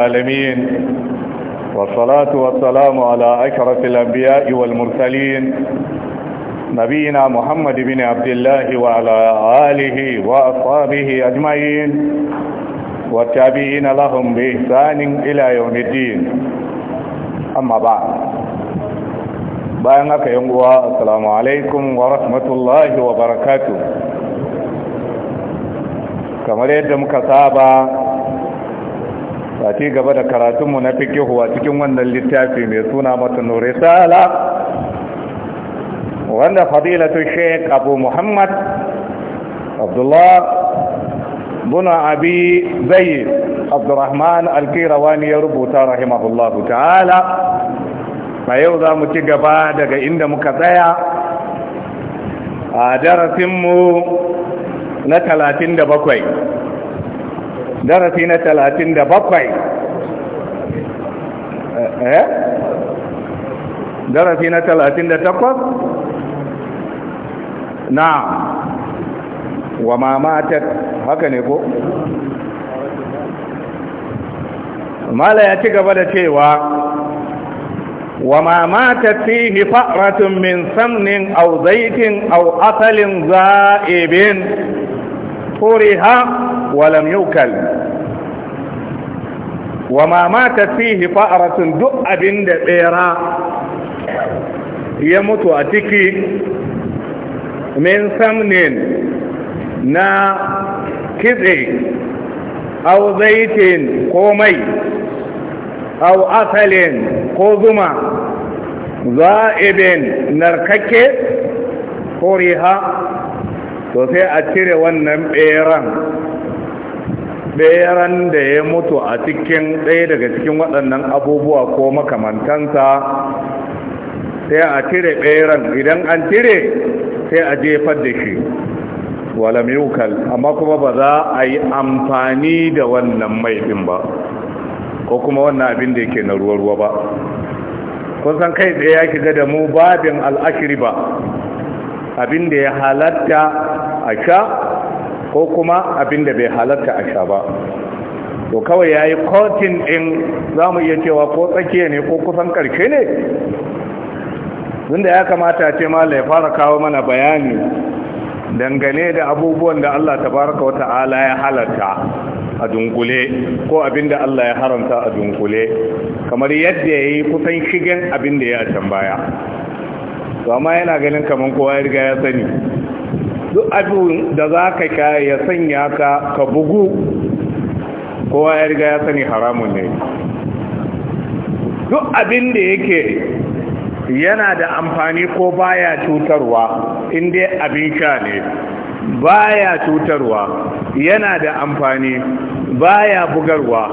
العالمين والصلاة والسلام على أشرف الأنبياء والمرسلين نبينا محمد بن عبد الله وعلى آله وأصحابه أجمعين والتابعين لهم بإحسان إلى يوم الدين أما بعد بأنك يوم السلام عليكم ورحمة الله وبركاته كما يدمك سابا a gaba da karatunmu na fikihu a cikin wannan littafi mai suna matanu risala wanda fadilatu sheik abu muhammad abdullah buna abi zai abdurrahman alkirawani ya rubuta rahimahullahu ta'ala a yau za mu ci gaba daga inda muka tsaya a darasinmu na talatin da bakwai darasi na talatin da bakwai eh, eh? darasi na talatin da takwas na wa mamatar haka ne ko mala ya ci gaba da cewa وما ماتت فيه فأرة من سمن أو زيت أو أصل زائب فورها ولم يوكل وما ماتت فيه فأرة دؤ بند بيرا يموت أتكي من سمن نا كذئ أو زيت قومي أو أصل قوزمة ذائب نركك فورها to sai a cire wannan beran beran da ya mutu a cikin ɗaya daga cikin waɗannan abubuwa ko makamantansa sai a cire beran idan an cire sai a jefar da shi wala amma kuma ba za a yi amfani da wannan mai din ba ko kuma wannan abin da yake na ruwa-ruwa ba kun san kai tsaye ya shiga da mu babin al'ashiri ba abin da ya halatta a sha ko kuma abin da bai halarta a sha ba to kawai ya yi kotin ɗin za mu iya cewa ko tsakiya ne ko kusan ƙarshe ne da ya kamata ce ma ya fara kawo mana bayani dangane da abubuwan da Allah ta wata wata'ala ya halatta a dunkule ko abin da Allah ya haramta a dunkule kamar yadda ya yi kusan shigen abin da ya can baya to amma yana ganin kamar kowa ya riga ya sani duk abin da za ka kaya ya sanya ka ka bugu kowa ya riga ya sani haramun ne duk abin da yake yana da amfani ko baya cutarwa inda abin sha ne baya cutarwa yana da amfani baya bugarwa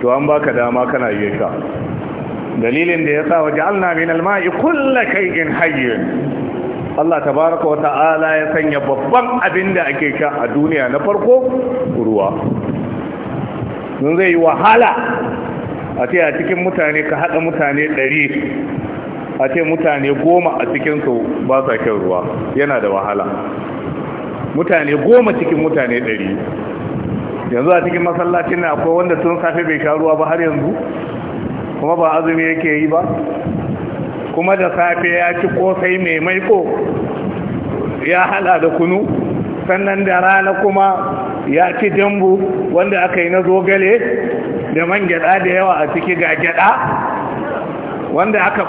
to an baka dama kana yi sha dalilin da ya sa waje alna min alma'i kullu in hayyin Allah tabaraka wata'ala ya sanya babban abin da ake sha a duniya na farko ruwa mun zai yi wahala a ce a cikin mutane ka haɗa mutane ɗari a ce mutane goma a cikinsu ba sa kyan ruwa yana da wahala mutane goma cikin mutane ɗari yanzu a cikin masallacin na akwai wanda sun safe bai sha ruwa ba har yanzu kuma ba azumi yake yi ba kuma da safe ya ci kosai mai maiko ya hada da kunu sannan da rana kuma ya ci dambu wanda aka yi na zogale da man gyada da yawa a ciki ga gyada wanda aka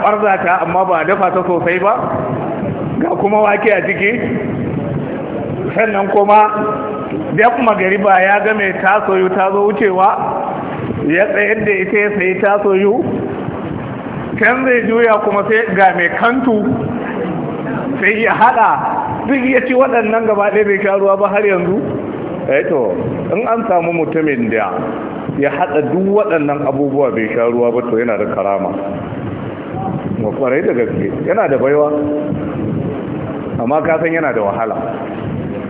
ta amma ba dafa ta sosai ba ga kuma wake a ciki sannan kuma daf magariba ya game tasoyu ta zo wucewa ya tsayar da ita ya sayi tasoyu Kan zai juya kuma sai ga mai kantu sai ya hada duk ya ci waɗannan gaba ɗaya bai sha ruwa ba har yanzu eto eh in an samu mutumin da ya hada duk waɗannan abubuwa bai sha ruwa ba to yana da karama ba kwarai da gaske yana da baiwa amma ka yana da wahala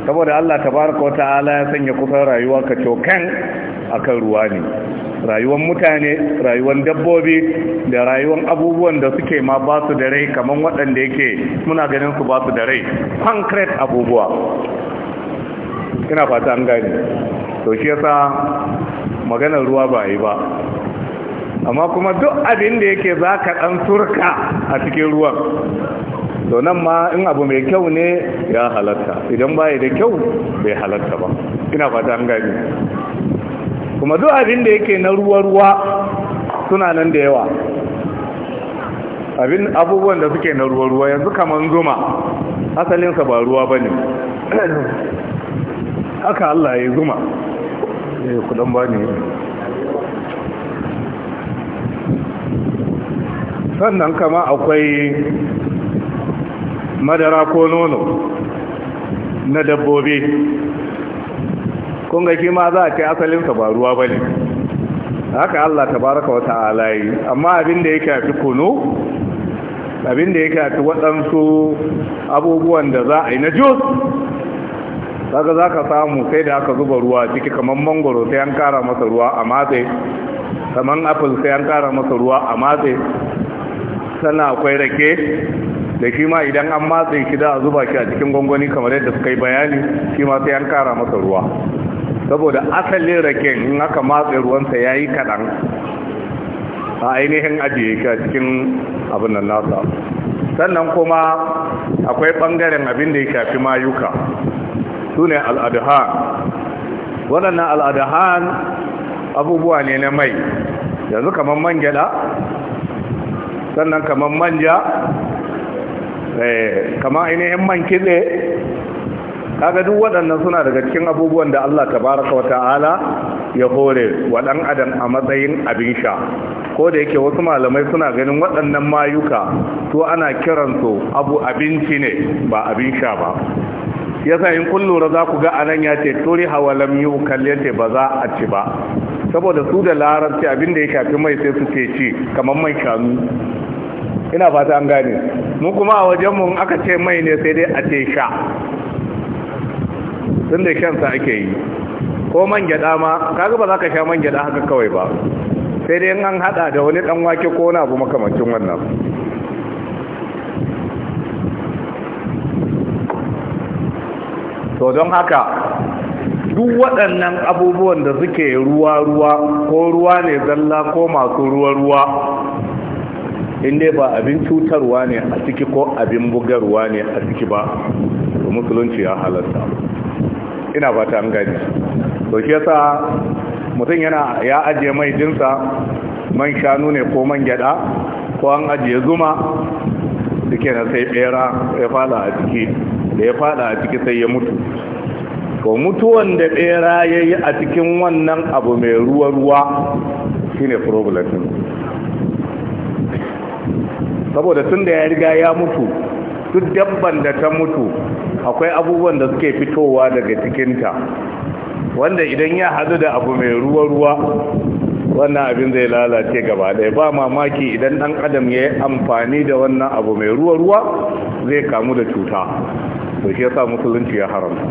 saboda Allah tabaraka wa ta'ala ya sanya kusan rayuwa ka cokan akan ruwa ne rayuwar mutane rayuwar dabbobi da rayuwar abubuwan da suke ma ba su da rai kamar waɗanda yake muna ganin su ba su da rai concrete abubuwa ina fata an gani to shi yasa maganar ruwa ba yi ba amma kuma duk abin da yake za ka ɗan surka a cikin ruwan donan ma in abu mai kyau ne ya halatta idan baya da kyau bai halatta ba ina fata an gani kuma duk abin da yake na ruwa-ruwa suna nan da yawa abin abubuwan da suke na ruwa-ruwa yanzu kamar zuma asalinsa ba ruwa ba ne haka Allah ya zuma ya eh, kudan ba ne sannan kama akwai madara ko nono na dabbobi kun ga shi ma za a ce asalinsa ba ruwa ba ne haka Allah Ta wa ta'ala yi amma abin da ya kafi kunu abin da ya kafi waɗansu abubuwan da za a yi na jus daga za ka samu sai da aka zuba ruwa ciki kamar mangoro sai an kara masa ruwa a matse kamar apple sai an kara masa ruwa a matse sannan akwai rake da shi ma idan an matse shi da a zuba shi a cikin gwangwani kamar yadda suka yi bayani shi ma sai an kara masa ruwa saboda asalin raken in aka matse ruwansa ya yi kaɗan a ainihin ajiye ka cikin abin da nasa sannan kuma akwai ɓangaren abin da ya shafi mayuka su ne al'adahan waɗannan al'adahan abubuwa ne na mai yanzu kamar man gyada sannan kamar manja eh, kamar ainihin man kitse kaga duk waɗannan suna daga cikin abubuwan da Allah tabaraka wa ta'ala ya hore wa adam a matsayin abin sha ko da yake wasu malamai suna ganin waɗannan mayuka to ana kiransu abu abinci ne ba abin sha ba yasa in kun lura za ku ga anan ya ce turi hawalam yi ukalle ba za a ci ba saboda su da larabci abin da ya shafi mai sai su ce ci kamar mai shanu ina fata an gane mu kuma a wajenmu aka ce mai ne sai dai a ce sha Sun da shansa ake yi ko man gyada ma kaga ba za ka sha man gyada haka kawai ba sai dai an hada da wani dan wake ko wani abu makamancin wannan to don haka duk waɗannan abubuwan da suke ruwa-ruwa ko ruwa ne zalla ko masu ruwa-ruwa inda ba abin cutarwa ne a ciki ko abin bugarwa ne a ciki ba musulunci ya halatta ina ba an gani to shi yasa mutum yana ya ajiye mai jinsa man shanu ne ko man gyada ko an ajiye zuma suke na sai bera ya fada a ciki da ya fada a ciki sai ya mutu to mutuwan da bera ya yi a cikin wannan abu mai ruwa-ruwa shine problem saboda tun da ya riga ya mutu duk dabban da ta mutu akwai abubuwan da suke fitowa daga cikinta wanda idan ya hadu da abu mai ruwa-ruwa wannan abin zai lalace gaba ɗaya ba mamaki idan ɗan adam ya yi amfani da wannan abu mai ruwa-ruwa zai kamu da cuta to shi yasa musulunci ya haramta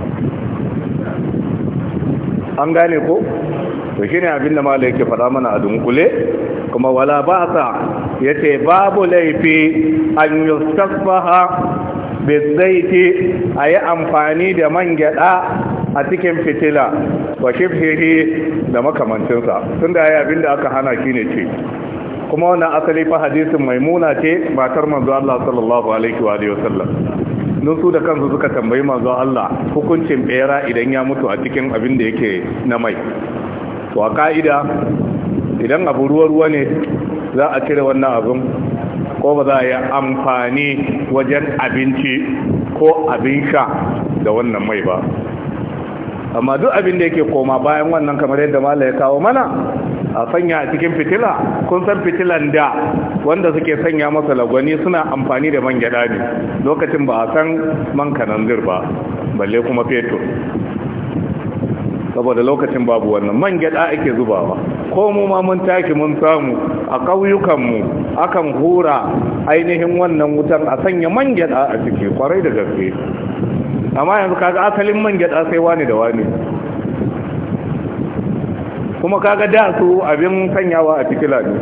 an gane ko to shi ne abin da mala yake faɗa mana a dunkule kuma wala ba sa ya ce babu laifi an yustasfaha bizzaiti a yi amfani da man gyada a cikin fitila wa shifhihi da makamancinsa tun da ya abinda aka hana shi ne ce kuma wani asali fa hadisin maimuna ce matar manzo Allah sallallahu alaihi wa alihi wasallam su da kansu suka tambayi manzo Allah hukuncin bera idan ya mutu a cikin abinda yake na mai to a ka'ida idan abu ruwa ruwa ne za a cire wannan abin ko ba za a yi amfani wajen abinci ko abin sha da wannan mai ba amma duk abin da yake koma bayan wannan kamar yadda mala ya kawo mana a sanya a cikin fitila kun san fitilan da wanda suke sanya masa lagwani suna amfani da man gyada ne lokacin ba a san man kananzir ba balle kuma fetur saboda lokacin babu wannan man gyada ake zubawa ko mu ma mun taki mun samu a ƙauyukanmu akan hura ainihin wannan wutan a sanya man a ciki kwarai da gaske amma yanzu kaga asalin man sai wani da wani kuma kaga da su abin sanyawa a cikila ne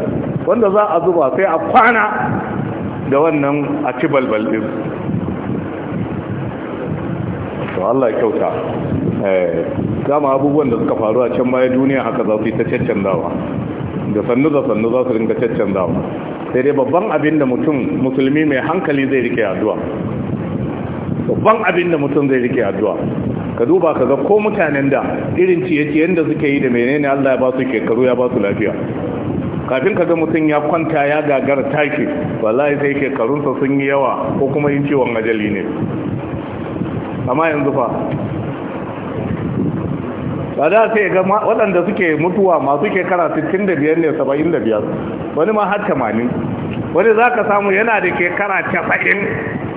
wanda za a zuba sai a kwana da wannan a ci balbal ɗin to Allah kyauta eh. dama abubuwan da suka faru a can baya duniya haka za su yi ta caccanzawa da sannu da sannu za su rinka caccanzawa sai dai babban abin da mutum musulmi mai hankali zai rike addu'a babban abin da mutum zai rike addu'a ka duba ka ga ko mutanen da irin ciye-ciyen da suke yi da menene Allah ya ba su shekaru ya ba su lafiya kafin ka ga mutum ya kwanta ya gagara tashi wallahi sai shekarunsa sun yi yawa ko kuma yin ciwon ajali ne amma yanzu fa ba za sai ga waɗanda suke mutuwa masu ke kara 65 ne 75 wani ma har 80 wani za ka samu yana da ke kara 90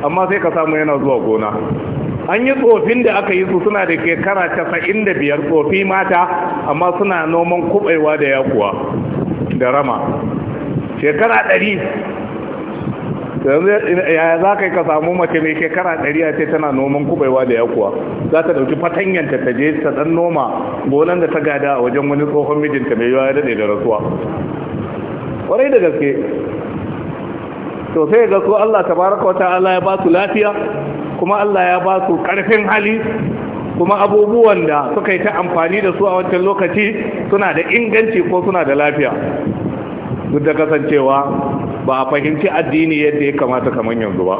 amma sai ka samu yana zuwa gona an yi tsofin da aka yi su suna da ke kara 95 tsofi mata amma suna noman kubewa da yakuwa da rama shekara 100 yanzu yaya za ka yi ka samu mace mai shekara ɗari a ce tana noman kubaiwa da yakuwa za ta ɗauki fatanyanta ta je ta ɗan noma gonan da ta gada a wajen wani tsohon mijinta mai yawa ya daɗe da rasuwa ƙwarai da gaske to sai ga su Allah baraka wata Allah ya ba su lafiya kuma Allah ya ba su ƙarfin hali kuma abubuwan da suka yi ta amfani da su a wancan lokaci suna da inganci ko suna da lafiya duk da kasancewa ba a fahimci addini yadda ya kamata kamar yanzu ba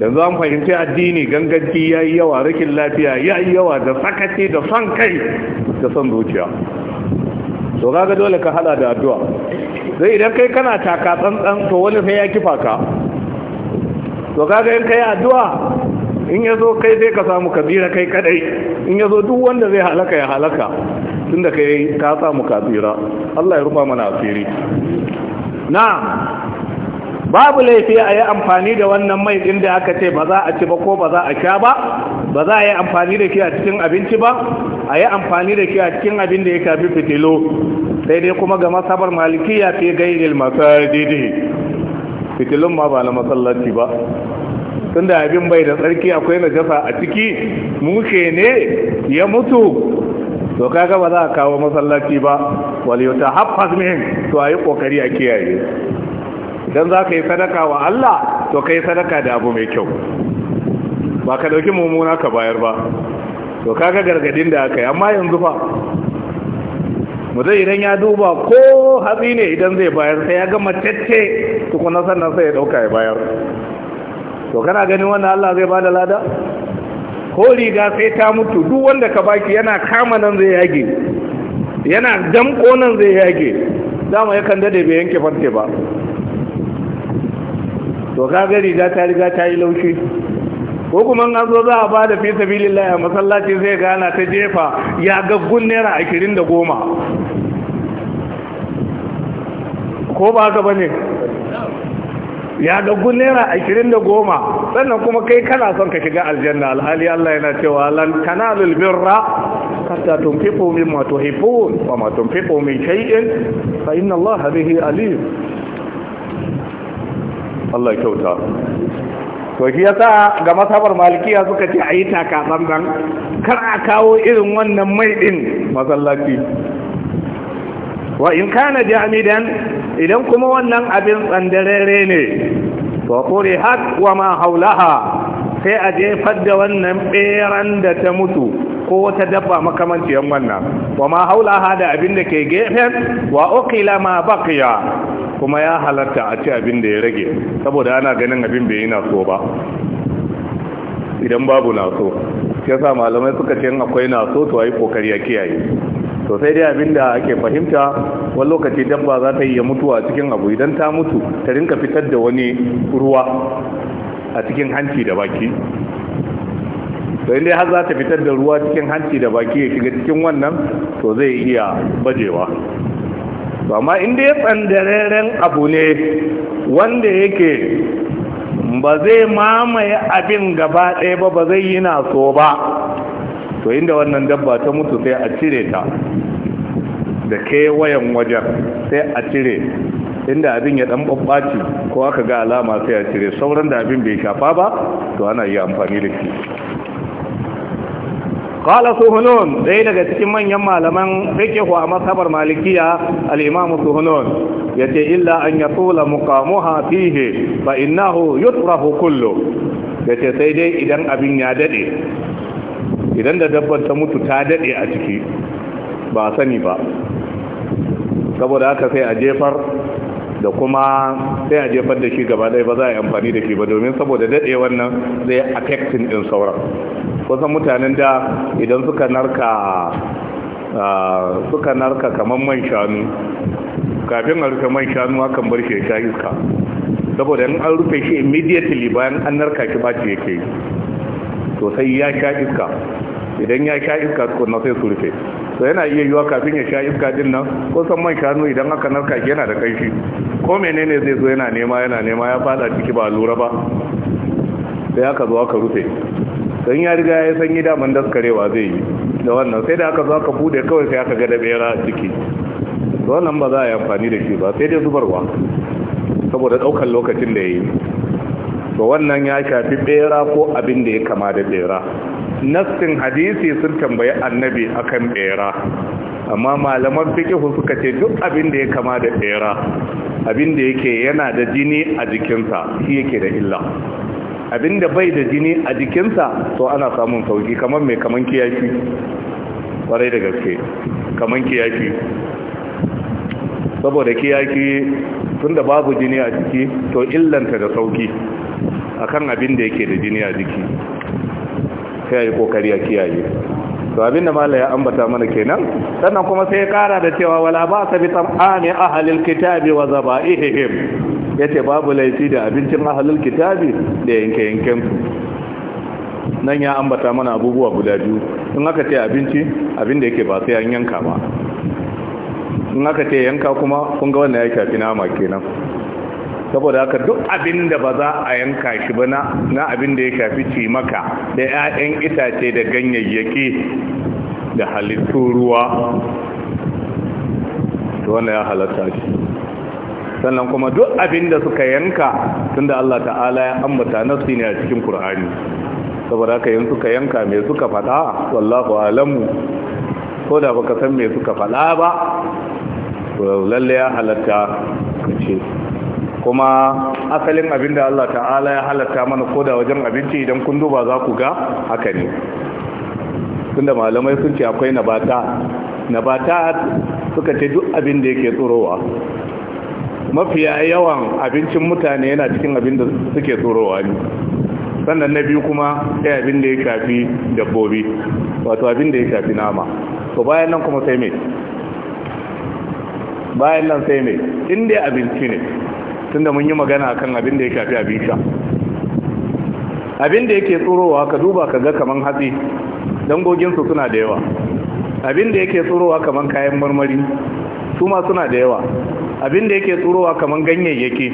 yanzu an fahimci addini ganganci ya yi yawa rikin lafiya ya yi yawa da sakaci da son kai da son zuciya to kaga dole ka hada da addu'a zai idan kai kana taka tsantsan to wani sai ya kifa ka to kaga in kai addu'a in ya zo kai zai ka samu kabira kai kadai in ya zo duk wanda zai halaka ya halaka tun da kai ka samu kafira Allah ya rufa mana asiri Na babu laifi a yi amfani da wannan mai din da aka ce ba za a ci ba ko ba za a sha ba ba za a yi amfani da ke a cikin abinci ba a yi amfani da ke a cikin abin da ya kafi fitilo sai dai kuma ga masabar malikiya fi gairil masajidi fitilun ma ba na masallaci ba tun da abin bai da tsarki akwai najasa a ciki mushe ne ya mutu to kaga ba za a kawo masallaci ba wal yutahaffaz min to ayi kokari a kiyaye idan za ka yi sadaka wa Allah to kai sadaka da abu mai kyau ba ka dauki mummuna ka bayar ba to kaga gargadin da aka yi amma yanzu fa mutum idan ya duba ko hatsi ne idan zai bayar sai ya gama matacce tukuna sannan sai ya dauka ya bayar to kana gani wannan Allah zai bada lada ko riga sai ta mutu duk wanda ka baki yana kama nan zai yage yana damko nan zai yage dama ya kan dade bai yanke farce ba to ka ga riga ta riga ta yi laushi ko kuma an zo za a ba da fi sabilillahi a masallaci zai gana ta jefa ya gaggun naira ashirin da goma ko ba haka bane ya dagu naira ashirin da goma sannan kuma kai kana son ka shiga aljanna alhali Allah yana cewa lan tanalul birra hatta tunfiqu mimma tuhibbun wa ma tunfiqu min shay'in fa inna Allah bihi alim Allah kyauta to shi yasa ga masabar malikiya suka ce ayi taka tsantsan kar a kawo irin wannan mai din masallaci wa in kana jamidan idan kuma wannan abin tsandarere ne to kuri hak wa ma haulaha sai a jefar da wannan beran da ta mutu ko ta dabba makamanciyar wannan wa ma haulaha da abin da ke gefen wa ukila ma baqiya kuma ya halarta a ci abin da ya rage saboda ana ganin abin bai yi so ba idan babu so ya sa malamai suka ce akwai naso to ayi kokari ya kiyaye to sai dai abin da ake fahimta wani lokaci dabba za ta iya mutuwa cikin abu idan ta mutu ta rinka fitar da wani ruwa a cikin hanci da baki to inda har za ta fitar da ruwa cikin hanci da baki ya shiga cikin wannan to zai iya bajewa to amma inda ya tsandareren abu ne wanda yake ba zai mamaye abin gaba ɗaya ba ba zai yi na so ba to inda wannan dabba ta mutu sai a cire ta da kewayen wajen sai a cire inda abin ya dan babbaci ko aka ga alama sai a cire sauran da abin bai shafa ba to ana yi amfani da shi qala suhunun dai daga cikin manyan malaman fiqh a masabar malikiya al-imam suhunun yace illa an yatula muqamuha fihi fa innahu yutrahu kullu yace sai dai idan abin ya dade idan da dabbar ta mutu ta daɗe a ciki ba sani ba saboda haka sai a jefar da kuma sai a jefar da shi gaba ɗaya ba za a yi amfani da shi ba domin saboda daɗe wannan zai affecting ɗin sauran kusan mutanen da idan suka narka suka narka kamar man shanu kafin a rufe man shanu akan bar shi sha iska saboda in an rufe shi immediately bayan an narka shi ba yake yi to sai ya sha iska idan ya sha iska tukunna sai su rufe to yana iya yiwa kafin ya sha iska din nan ko san man shanu idan aka narka yana da kanshi ko menene zai zo yana nema yana nema ya fada ciki ba lura ba sai aka zo aka rufe don ya riga ya sanyi daman daskarewa zai yi da wannan sai da aka zo aka bude kawai sai aka da bera ciki to wannan ba za a yi amfani da shi ba sai dai zubarwa saboda daukan lokacin da yayi yi to wannan ya shafi bera ko abin da ya kama da bera nassin hadisi sun tambayi annabi akan bera amma malaman fikihu suka ce duk abin da ya kama da bera abin da yake yana da jini a jikinsa shi yake da illa abin da bai da jini a jikinsa to ana samun sauki kamar mai kaman kiyashi kwarai da gaske kaman kiyashi saboda kiyashi tun da babu jini a jiki to illanta da sauki akan abin da yake da jini a jiki sai ya yi kokari ya kiyaye to abin da malaya ambata mana kenan sannan kuma sai ya kara da cewa wala ba sa bi tam'ani ahlil kitabi wa zaba'ihim yace babu laifi da abincin ahlil kitabi da yanke yanken nan ya ambata mana abubuwa guda biyu in aka ce abinci abin da yake ba sai an yanka ba in aka ce yanka kuma kun ga wannan ya shafi nama kenan saboda haka duk abin da ba za a yanka shi ba na abin da ya shafi cimaka da 'ya'yan itace da ganyayyaki da halittu ruwa wannan ya halatta shi sannan kuma duk abin da suka yanka tun da Allah ta'ala ya ambata nafsi ne a cikin Qur'ani saboda haka yanzu suka yanka me suka faɗa wallahu alamu ko da baka san me suka faɗa ba to lalle ya halatta ka kace kuma asalin abin da Allah ta'ala ya halatta mana koda wajen abinci idan kun duba za ku ga haka ne tunda malamai sun ce akwai nabata nabata suka ce duk abin da yake tsorowa mafiya yawan abincin mutane yana cikin abin da suke tsorowa ne sannan na biyu kuma sai abin da ya shafi dabbobi wato abin da ya shafi nama to bayan nan kuma sai mai bayan nan sai mai inda abinci ne da mun yi magana kan abin da ya shafi abin sha abin da yake tsorowa ka duba ka ga kaman hatsi dangoginsu suna da yawa abin da yake tsorowa kaman kayan marmari su ma suna da yawa abin da yake tsorowa kaman ganyayyaki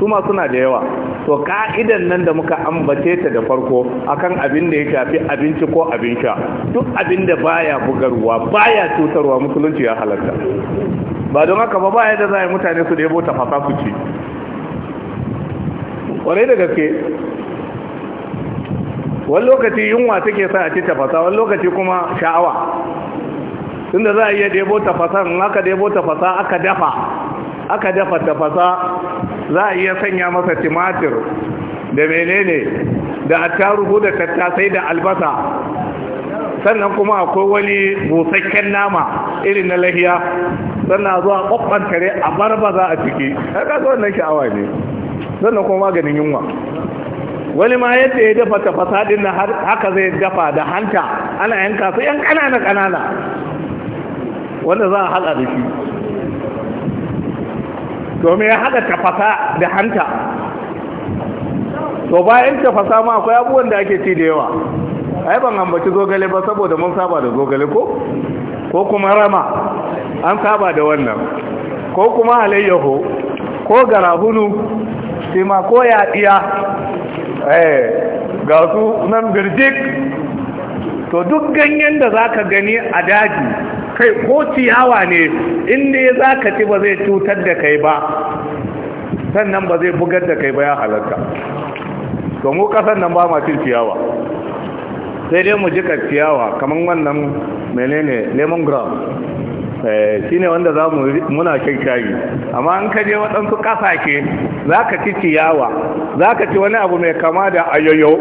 su ma suna da yawa to ka'idan nan da muka ambace ta da farko akan abin da ya shafi abinci ko abin sha duk abin da baya bugarwa baya cutarwa musulunci ya halarta ba don haka ba ba yadda za a yi mutane su ɗebo tafasa su ƙwarai da gaske wani lokaci yunwa take sa a ci tafasa wani lokaci kuma sha'awa tunda za a iya ɗebo tafasa in aka ɗebo tafasa aka dafa aka dafa tafasa za a iya sanya masa timatir da menene da attarugu da tattasai da albasa sannan kuma akwai wani busakken nama irin na lahiya sannan zuwa tare, a za a ciki haka zuwa na sha'awa ne sannan kuma maganin yunwa wani ma yadda ya dafa tafasa fasadin na haka zai dafa da hanta ana yanka su yan kanana kanana wanda za a hada da shi domin ya hada tafasa da hanta to bayan fasa ma akwai abubuwan da ake ci da yawa ai ban ambaci zogale ba saboda mun saba da zogale ko ko kuma rama an saba da wannan ko kuma alayyahu ko garahunu shi ma ko yaɗiya eh ga su nan birjik to duk ganyen da zaka gani a daji kai ko ciyawa ne inda ya zaka ci ba zai cutar da kai ba sannan ba zai bugar da kai ba ya halarta. to mu kasan nan ba ma cin ciyawa sai dai mu jika ciyawa kamar wannan menene lemon grass eh, shi ne wanda za mu muna kirkari amma an kaje waɗansu ƙasashe za ka ci ciyawa za ka ci wani abu mai kama da ayoyo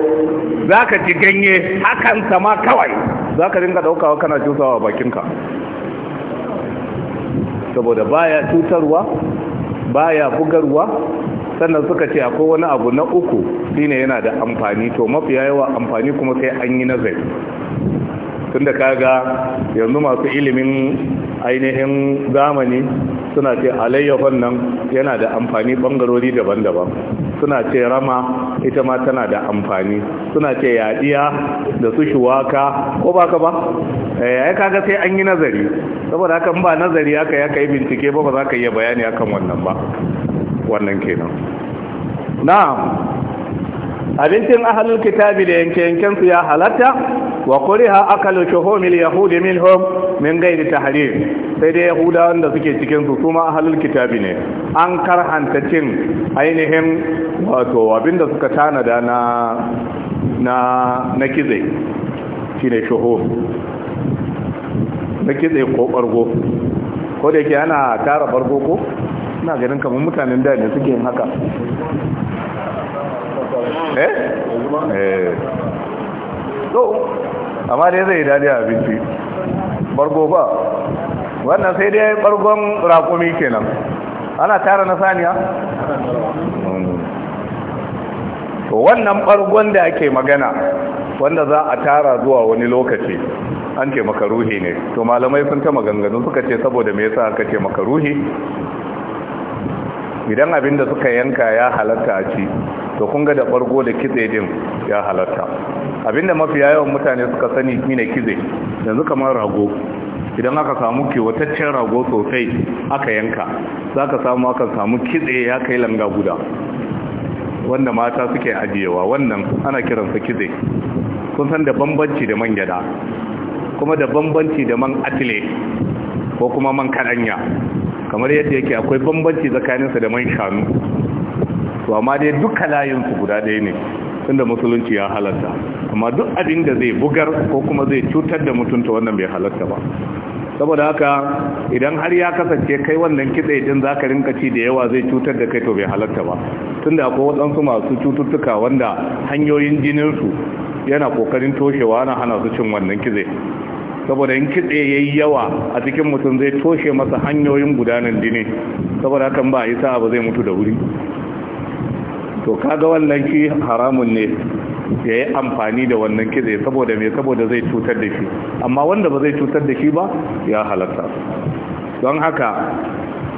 za ka ci ganye hakan sama kawai za ka dinga ɗaukawa kana cusawa bakinka saboda baya cutarwa baya bugarwa sannan suka ce akwai wani abu na uku shine yana da amfani to mafiya yawa amfani kuma sai an yi nazari tunda kaga yanzu masu ilimin ainihin zamani suna ce alayyafan nan yana da amfani bangarori daban-daban suna ce rama ita ma tana da amfani suna ce yadiya da su shuwaka ko ba ka ba ya eh, kaga sai an yi nazari saboda hakan ba nazari aka ya kai bincike ba ba za ka iya bayani akan wannan ba wannan kenan na'am abincin ahalul kitabi da yanke su ya halatta wa kuriha akalu shuhumil yahudi minhum min ghairi sai dai yahudawan da suke cikin su kuma ahalul kitabi ne an karhanta cin ainihin wato abinda suka tanada na na na kize shine shuhum na kize ko bargo ko da yake ana tara bargo ko ina ganin kamar mutanen da ne suke yin haka eh eh so amma dai zai dadi abinci bargo ba wannan sai dai bargon raƙumi kenan ana tara na saniya to wannan bargon da ake magana wanda za a tara zuwa wani lokaci an ce makaruhi ne to malamai sun ta maganganu suka ce saboda me yasa aka ce makaruhi idan abin da suka yanka ya halatta a ci to kun ga da farko da kitse din ya halatta abinda mafi yawan mutane suka sani shine kitse yanzu kamar rago idan aka samu kiwataccen rago sosai aka yanka za ka samu aka samu kitse ya kai langa guda wanda mata suke ajiyewa wannan ana kiransa kitse kun san da bambanci da man gyada kuma da bambanci da man atile ko kuma man kaɗanya kamar yadda yake akwai bambanci tsakaninsa da man shanu to amma dai duka layinsu guda ɗaya ne tunda musulunci ya halatta amma duk abin da zai bugar ko kuma zai cutar da mutunta wannan bai halatta ba saboda haka idan har ya kasance kai wannan kitse din zaka rinka ci da yawa zai cutar da kai to bai halatta ba tunda akwai waɗansu masu cututtuka wanda hanyoyin jinin su yana kokarin toshewa na hana su cin wannan kitse saboda in kitse yayi yawa a cikin mutum zai toshe masa hanyoyin gudanar jini saboda hakan ba yasa ba zai mutu da wuri to kaga wannan ki haramun ne ya yi amfani da wannan ki zai saboda mai saboda zai cutar da shi amma wanda ba zai cutar da shi ba ya halatta don haka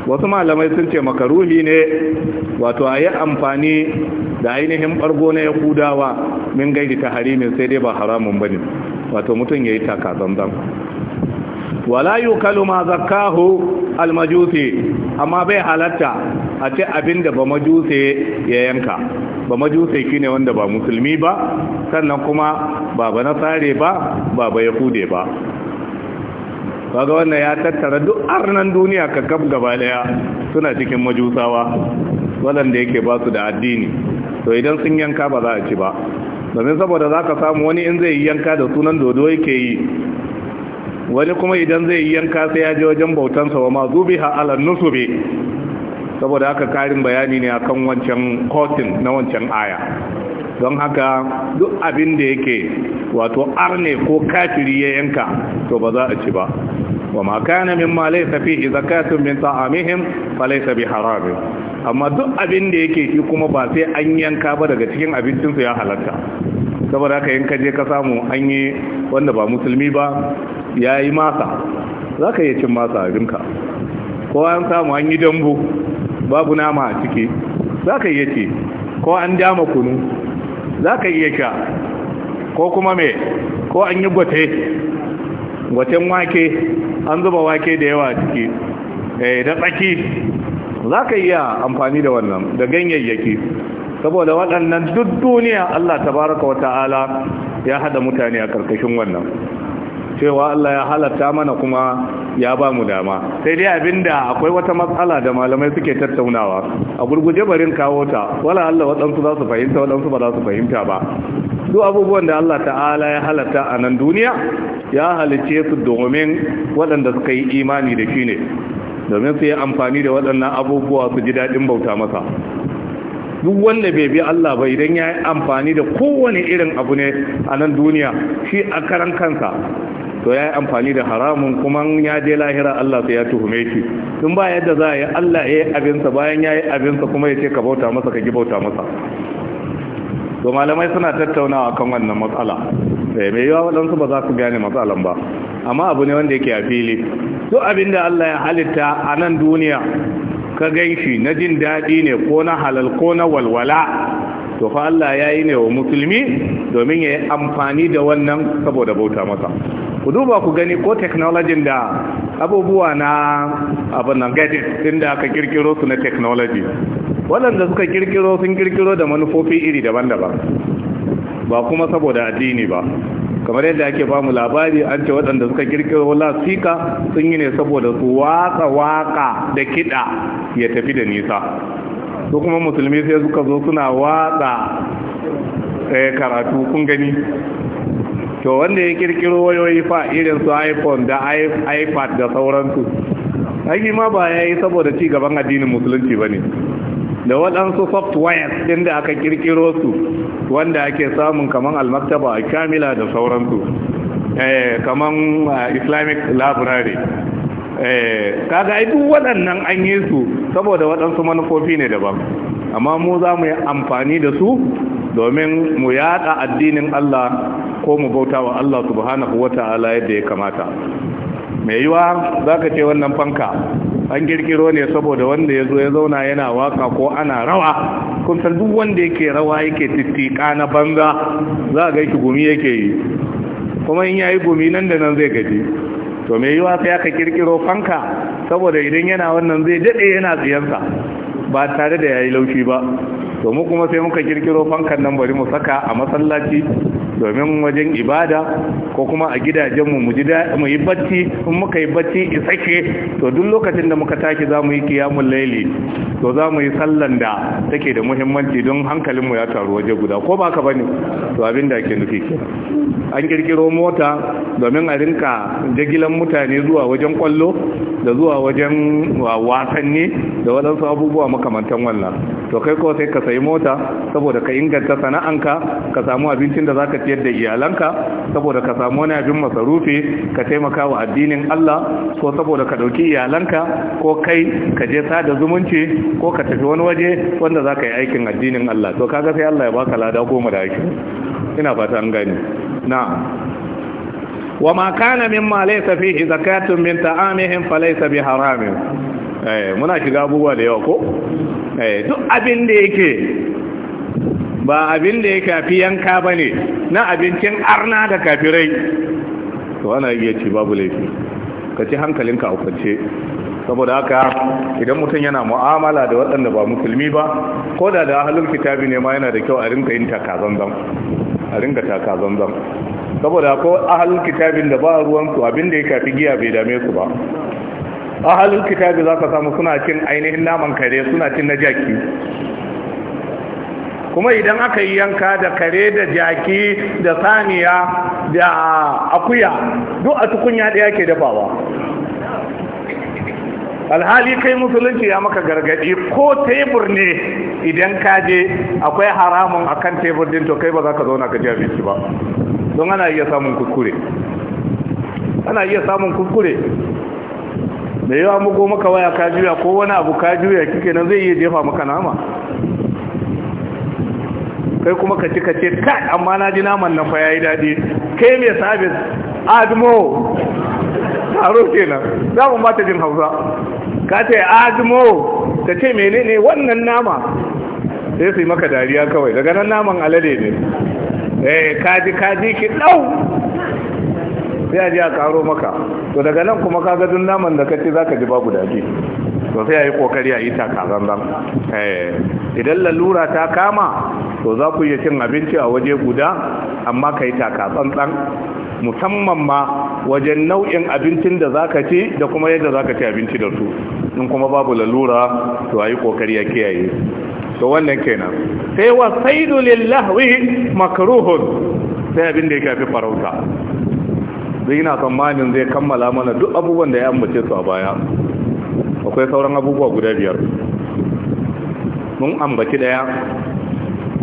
wasu malamai sun ce makaruhi ne wato a yi amfani da ainihin ɓargo na yahudawa min gaidi ta harimin sai dai ba haramun ba ne wato mutum ya yi zanzan wala yi kalu ma zakahu almajusi amma bai halatta a ce abin da ba majuse ya yanka ba majuse ne wanda ba musulmi ba sannan kuma ba ba nasare ba ba ba yahude ba kaga wannan ya tattara duk arnan duniya kakaf gaba daya suna cikin majusawa waɗanda yake ba su da addini to idan sun yanka ba za a ci ba domin saboda za ka samu wani in zai yanka da sunan dodo yake yi wani kuma idan zai yi yanka sai ya je wajen bautansa wa mazubi ha alan nusubi saboda haka karin bayani ne akan wancan kotin na wancan aya don haka duk abin da yake wato arne ko kafiri ya yanka to ba za a ci ba wa ma kana ma laysa fihi zakatun min ta'amihim bi haram. amma duk abin da yake shi kuma ba sai an yanka ba daga cikin abincin su ya halatta saboda haka yanka je ka samu an yi wanda ba musulmi ba yayi masa zaka yi cin masa abinka ko an samu an yi dambu babu nama a ciki za ka iya ce ko an dama kunu za ka iya sha ko kuma me ko an yi gwate gwaten wake an zuba wake da yawa a ciki eh, da tsaki za ka iya amfani da wannan da ganyayyaki saboda waɗannan duk duniya Allah ta baraka wata wata'ala ya haɗa mutane a karkashin wannan cewa Allah ya halatta mana kuma ya ba mu dama sai dai abinda akwai wata matsala da malamai suke tattaunawa a gurguje barin kawo ta wala Allah waɗansu za su fahimta waɗansu ba za su fahimta ba duk abubuwan da Allah ta'ala ya halatta a nan duniya ya halice su domin waɗanda suka yi imani da shi ne domin su yi amfani da waɗannan abubuwa su ji daɗin bauta masa duk wanda bai bi Allah ba idan ya yi amfani da kowane irin abu ne a nan duniya shi a karan kansa to ya yi amfani da haramun kuma ya je lahira Allah sai ya tuhume shi tun ba yadda za a yi Allah ya yi abinsa bayan ya yi abinsa kuma ya ce ka bauta masa ka ki bauta masa to malamai suna tattaunawa kan wannan matsala sai eh, mai yawa waɗansu ba za su gane matsalan ba amma abu ne wanda yake a fili to da Allah ya halitta a nan duniya ka gan shi na jin daɗi ne ko na halal ko na walwala to fa Allah ya yi ne wa musulmi domin ya yi amfani da wannan saboda bauta masa ku duba ku gani ko technology da abubuwa na abin nan gadget din da aka kirkiro su na technology waɗanda suka kirkiro sun kirkiro da manufofi iri daban-daban ba kuma saboda addini ba kamar yadda ake ba mu labari an ce waɗanda suka kirkiro lasika sun yi ne saboda su waka waka da kiɗa ya tafi da nisa su kuma musulmi sai suka zo suna watsa eh, karatu kun gani to wanda ya kirkiro wayoyi fa irin su iphone da ipad da sauransu aiki ma ba ya yi saboda ci gaban addinin musulunci ba ne da waɗansu software ɗin da aka kirkiro su wanda ake samun kaman almaktaba a kamila da sauransu eh, kaman eh, islamic library eh, kaga ai duk waɗannan an yi su saboda waɗansu manufofi ne daban amma mu za mu yi amfani da su domin mu yada addinin Allah ko mu bauta wa Allah subhanahu ta'ala yadda ya kamata mai yiwa za ka ce wannan fanka an girgiro ne saboda wanda ya zo ya zauna yana waka ko ana rawa kun san duk wanda yake rawa yake titika na banza za a gaishi gumi yake yi kuma in yayi gumi nan da nan zai gaji to mai yiwa sai aka kirkiro fanka saboda idan yana wannan zai daɗe yana tsiyansa ba tare da yayi laushi ba to mu kuma sai muka kirkiro fankan nan bari mu saka a masallaci domin wajen ibada ko kuma a gidajenmu mu yi bacci in muka yi bacci isake to duk lokacin da muka tashi za mu yi kiyamun laili to za mu yi sallan da take da muhimmanci don hankalinmu ya taru waje guda ko ba ka bane to abin da ke nufi an kirkiro mota domin a rinka jagilan mutane zuwa wajen kwallo da zuwa wajen wasanni da waɗansu abubuwa makamantan wannan to kai ko sai ka sayi mota saboda ka inganta sana'anka ka samu abincin da za ka ciyar da iyalanka saboda ka samu wani abin masarufi ka taimaka wa addinin Allah ko saboda ka dauki iyalanka ko kai ka je sada zumunci ko ka tafi wani waje wanda za ka yi aikin addinin Allah to kaga sai Allah ya baka lada goma da aiki ina fata an gani na'am وما laysa fihi? ليس min ta'amihim fa laysa bi haramin eh muna shiga abubuwa da yawa ko eh duk abin da yake ba abin da ya kafi yanka ba ne na abincin arna da kafirai to ana iya ci babu laifi ka ci hankalinka a kwance saboda haka idan mutum yana mu'amala da waɗanda ba musulmi ba ko da da halin kitabi ne ma yana da kyau a rinka yin taka zanzan, a rinka zanzan, saboda ko ahalin kitabin da ba ruwansu abin da ya kafi giya bai dame su ba ahalin kitabi za ka samu suna cin ainihin naman kare suna cin na jaki kuma idan aka yi yanka da kare da jaki da saniya da akuya duk a tukunya ɗaya ke dafawa alhali kai musulunci ya maka gargaɗi ko tebur ne idan ka je akwai haramun akan tebur din to kai ba za ka zauna ka ji abinci ba don ana iya samun kuskure ana iya samun kuskure da yawa mugu maka waya ka juya ko wani abu ka juya kike nan zai iya jefa maka nama kai kuma ka ci ka ce kai amma na ji naman nan fa yayi dadi kai mai sabis admo taro kenan za mu mata jin hausa ka ce admo Ka ce menene wannan nama sai su yi maka dariya kawai daga nan naman alade ne eh ka ji, ka ji ki dau sai a ji a karo maka to daga nan kuma ka ga dun naman da kace zaka ji ba guda biyu. to sai a yi kokari a yi takazanzan eh, idan lalura ta kama to za ku iya cin abinci a waje guda amma ka yi takatsantsan musamman ma wajen nau'in abincin da za ka ci da kuma yadda za ka ci abinci da su in kuma babu lalura to a yi kokari a kiyaye to wannan kenan sai wa saidu lillahi makruhun sai abin da ya kafi farauta zai na tsammanin zai kammala mana duk abubuwan da ya ambace su a baya akwai sauran abubuwa guda biyar mun ambaci daya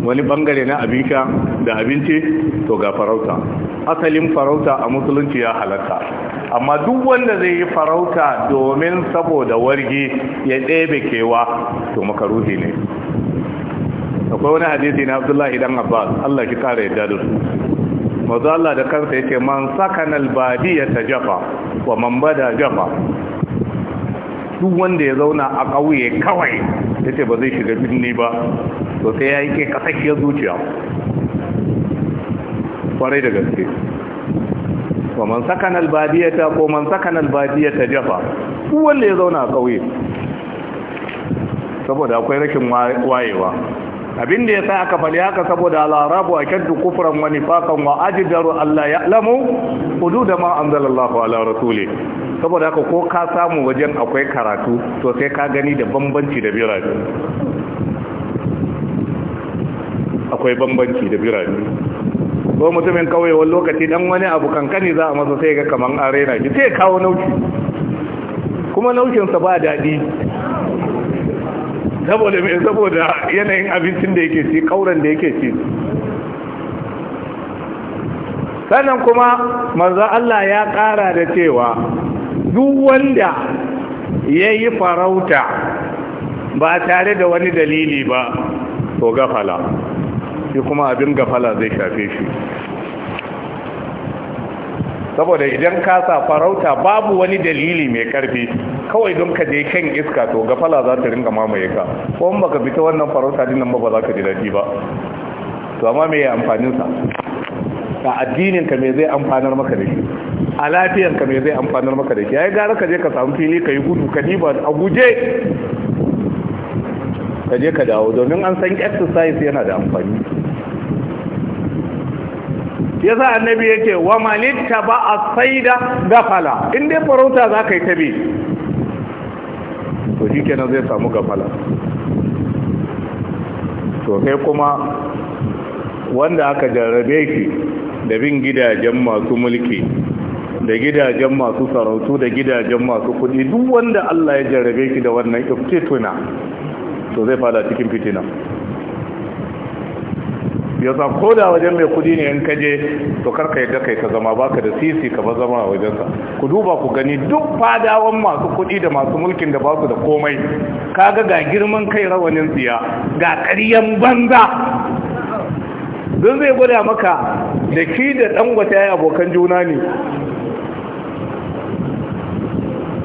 wani bangare na abin sha da abinci to ga farauta asalin farauta a musulunci ya halatta amma duk wanda zai yi farauta domin saboda wargi ya ɗebe kewa to makaruhi ne akwai wani hadisi na abdullahi dan abbas allah ki kara yadda da su mazu allah da kansa ya ce man sakanal badi ya ta jafa wa man bada jafa duk wanda ya zauna a ƙauye kawai ya ce ba zai shiga birni ba to sai ya yi ke kasakiyar zuciya kwarai da gaske wa man sakan albadiyata ko man sakan albadiyata jafa duk wanda ya zauna a ƙauye saboda akwai rashin wayewa abin da ya sa aka fali haka saboda al'arabu a kyaddu kufuran wani fakan wa ajidaru Allah ya lamu hudu da ma anzalallahu ala rasuli saboda haka ko ka samu wajen akwai karatu to sai ka gani da bambanci da birane akwai bambanci da birane ko mutumin kauye wani lokaci dan wani abu kankani za a masa sai ga kaman arena ki sai kawo nauki kuma naukinsa ba daɗi saboda saboda yanayin abincin da yake ci kauran da yake ci sannan kuma manza Allah ya ƙara da cewa duk wanda ya yi farauta ba tare da wani dalili ba to gafala shi kuma abin gafala zai shafe shi saboda idan kasa farauta babu wani dalili mai karfi kawai don ka je kan iska to gafala za ta ringa mamaye ka ko ba ka fita wannan farauta din nan ba za ka ji daɗi ba to amma me ya amfanin sa a addinin ka me zai amfanar maka da shi a lafiyar ka me zai amfanar maka da shi yayi gara ka je ka samu fili ka yi gudu ka diba a guje ka je ka dawo domin an san exercise yana da amfani yasa annabi yake wa ta ba a saida gafala in dai farauta za ka yi tabi to shi kenan zai samu gafala to kai kuma wanda aka jarrabe shi da bin gidajen masu mulki da gidajen masu sarautu da gidajen masu kudi duk wanda Allah ya jarrabe ki da wannan iftitina to zai fada cikin fitina yasa ko da wajen mai kudi ne in kaje to karka yadda kai ka zama baka da sisi ka ba zama a wajensa ku duba ku gani duk fadawan masu kudi da masu mulkin da basu da komai kaga ga girman kai rawanin tsiya ga ƙaryan banza don zai gwada maka da ki da ɗangwata ya abokan juna ne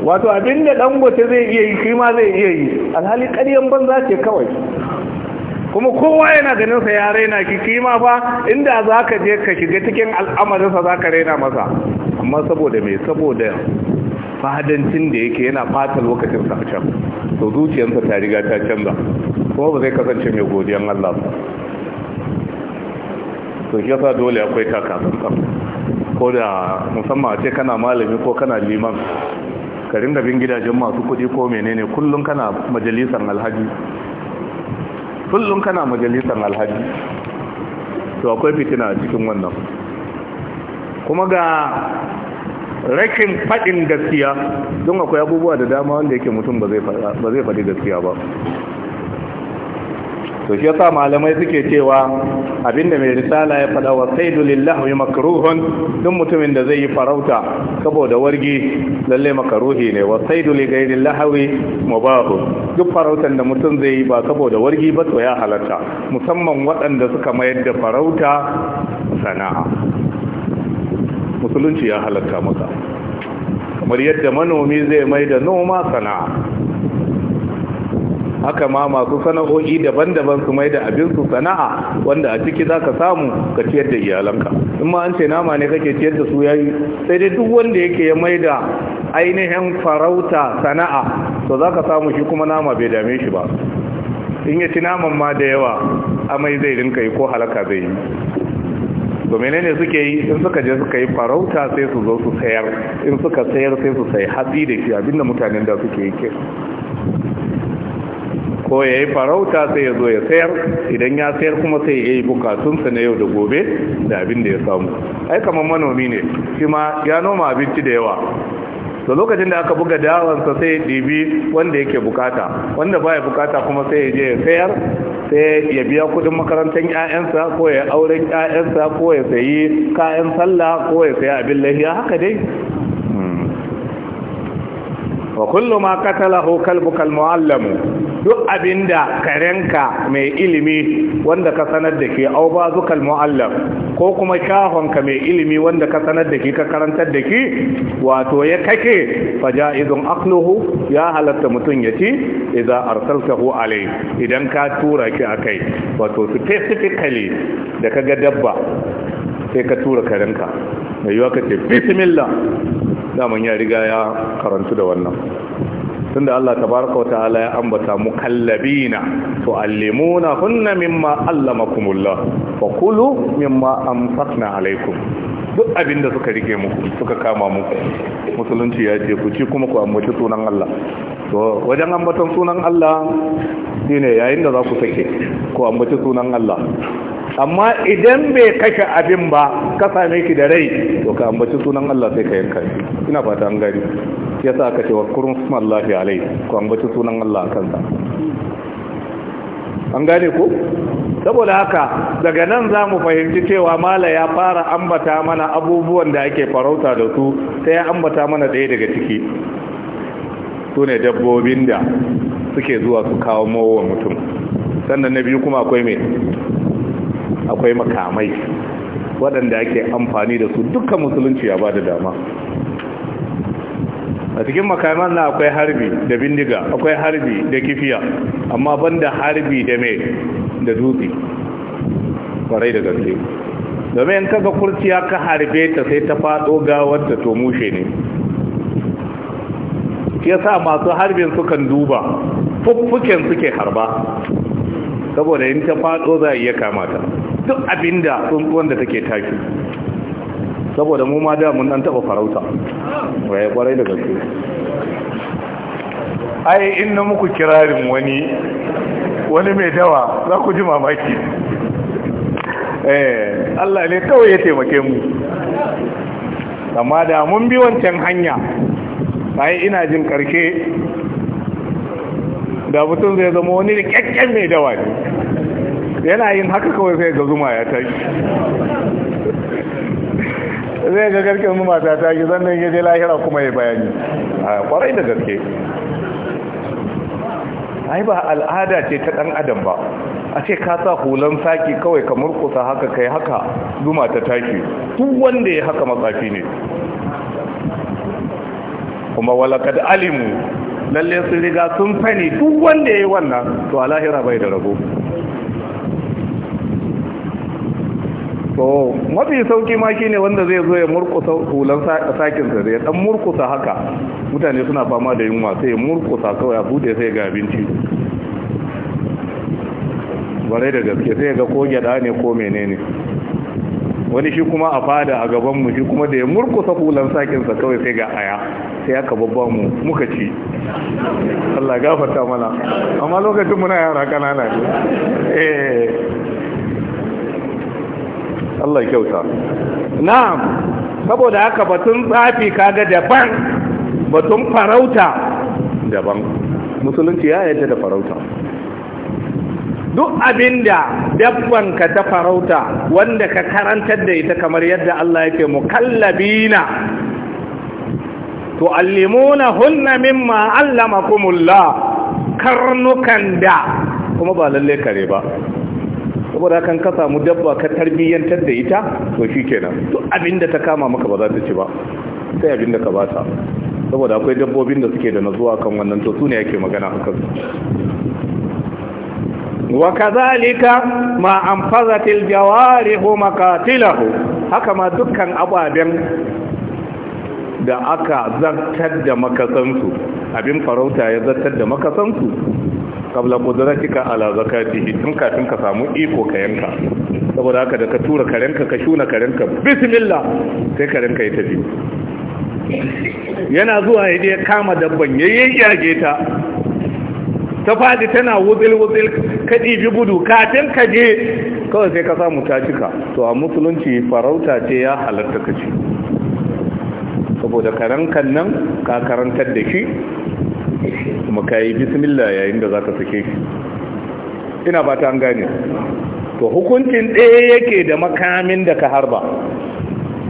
wato abinda da dangote zai iya yi shi ma zai iya yi alhali ƙaryan banza ce kawai kuma kowa yana ganin sa ya raina ki kima fa inda za je ka shiga cikin al'amarin za ka raina masa amma saboda mai saboda fadancin da yake yana fata lokacin sa can to zuciyarsa ta riga ta canza kuma ba zai kasance mai godiyan Allah ba to shi yasa dole akwai takasan ko da musamman a ce kana malami ko kana liman karin da bin gidajen masu kuɗi ko menene kullum kana majalisar alhaji kullum kana majalisar alhaji to akwai fitina a cikin wannan kuma ga rakin faɗin gaskiya don akwai abubuwa da dama wanda yake mutum ba zai faɗi gaskiya ba to shi yasa malamai suke cewa abinda mai risala ya fada wa saidu lillahi makruhun duk mutumin da zai yi farauta saboda wargi lalle makruhi ne wa saidu li ghairi lahawi mubahu duk farautan da mutum zai yi ba saboda wargi ba to ya halatta musamman waɗanda suka mayar da farauta sana'a musulunci ya halatta maka kamar yadda manomi zai mai da noma sana'a haka ma masu sana'o'i daban-daban su mai da abin su sana'a wanda a ciki za ka samu ka ciyar da iyalanka in ma an ce nama ne kake ciyar da su yayi sai dai duk wanda yake ya mai da ainihin farauta sana'a to za ka samu shi kuma nama bai dame shi ba in ya ci naman ma da yawa amai zai rinka yi ko halaka zai yi domin ne suke yi in suka je suka yi farauta sai su zo su sayar in suka sayar sai su sayi hatsi da shi abinda mutanen da suke yi ke ko ya yi farauta sai ya zo ya sayar idan ya sayar kuma sai ya yi bukatunsa na yau da gobe da abin da ya samu ai kamar manomi ne shi ma ya noma abinci da yawa Da lokacin da aka buga dawansa sai ya ɗibi wanda yake bukata wanda baya bukata kuma sai ya je ya sayar sai ya biya kuɗin makarantar 'ya'yansa ko ya auren 'ya'yansa ko ya sayi kayan sallah ko ya sayi abin lahiya haka dai hmm. wa kullum ma qatalahu kalbuka almuallam duk abinda karenka mai ilimi wanda ka sanar da ke au ba zukal mu'allam ko kuma kyahonka mai ilimi wanda ka sanar da ke ka karantar da ke wato ya kake izon akluhu ya halatta mutum ya ci idza hu alai idan ka tura ki akai wato specifically da ka ga dabba sai ka tura karenka mai yiwa ka ce bismillah daman ya riga ya karantu da wannan tunda Allah tabaraka wataala ya ambata mukallabina to allimuna hunna mimma allamakumullah wa kulu mimma amsakna alaikum duk abin da suka rike muku suka kama muku musulunci ya ce ku ci kuma ku ambaci sunan Allah to wajen ambatan sunan Allah shine yayin da za ku sake ku ambaci sunan Allah amma idan bai kashe abin ba ka same ki da rai to ka ambaci sunan Allah sai ka yanka shi ina fata an gari yasa aka ce wa kurun sunan Allah alai ku ambaci sunan Allah kansa an gane ko saboda haka daga nan za mu fahimci cewa mala ya fara ambata mana abubuwan da ake farauta da su ta ya ambata mana ɗaya daga ciki su ne dabbobin da suke zuwa su kawo mowa mutum sannan na biyu kuma akwai mai akwai makamai waɗanda ake amfani da su dukkan musulunci ya ba da dama a cikin makaman na akwai harbi da bindiga akwai harbi da kifiya amma banda harbi da mai da dutse kwarai da gaske domin kaga kurciya ka harbe ta sai ta fado gawar ta to mushe ne shi yasa masu harbin sukan duba fuffuken suke harba saboda in ta fado za a iya kamata duk abinda tsuntsuwan da take tafi saboda mu ma da mun dan taba farauta waye kwarai da gaske ai in na muku kirarin wani wani mai dawa za ku ji mamaki eh Allah ne kawai ya taimake mu amma da mun bi wancan hanya ai ina jin karshe da mutum zai zama wani rikakken mai dawa ne yana yin haka kawai sai ga zuma ya tashi zai ga garke mu mata ta ji zannan ya je lahira kuma ya bayani a kwarai da gaske ai ba al'ada ce ta dan adam ba a ce ka sa hulan saki kawai ka murkusa haka kai haka duma ta tashi duk wanda ya haka matsafi ne kuma walakad alimu lalle sun riga sun fani duk wanda ya yi wannan to a lahira bai da rabo to mafi sauki ma ne wanda zai zo ya murkusa hulan sakinsa da ya dan murkusa haka mutane suna fama da yunwa sai ya murkusa kawai a bude sai ga abinci bare da gaske sai ga ko gyada ne ko menene wani shi kuma a fada a gabanmu shi kuma da ya murkusa hulan sakinsa kawai sai ga aya sai aka babba mu muka ci Allah gafarta mana amma lokacin muna yara kanana ne eh Allah kyauta na'am saboda haka batun tsafi kaga daban batun farauta daban musulunci ya yadda da farauta duk abinda dabban ka ta farauta wanda ka karantar da ita kamar yadda Allah yake mukallabina tu'allimuna hunna mimma allamakumullah karnukan da kuma ba lalle kare ba saboda kan ka samu dabba ka tarbiyyantar da ita to shi kenan duk abinda ta kama maka ba za ta ci ba sai abinda ka bata saboda akwai dabbobin da suke da nazuwa kan wannan to su ne yake magana a kansu wa kazalika ma anfazatil jawarihu makatilahu haka ma dukkan ababen da aka zartar da makasansu abin farauta ya zartar da makasansu kabla kudratika ala zakatihi tun kafin ka samu iko ka yanka saboda haka da ka tura karenka ka shuna karenka bismillah sai karenka ya tafi yana zuwa ya je kama dabban ya yayyage ta ta fadi tana wuzil wuzil ka dibi gudu kafin ka je kawai sai ka samu ta cika to a musulunci farauta ce ya halatta ka ci saboda karankan nan ka karantar da shi kuma ka bismillah yayin da za ka sake shi ina ba ta an gane to hukuncin ɗaya yake da makamin da ka harba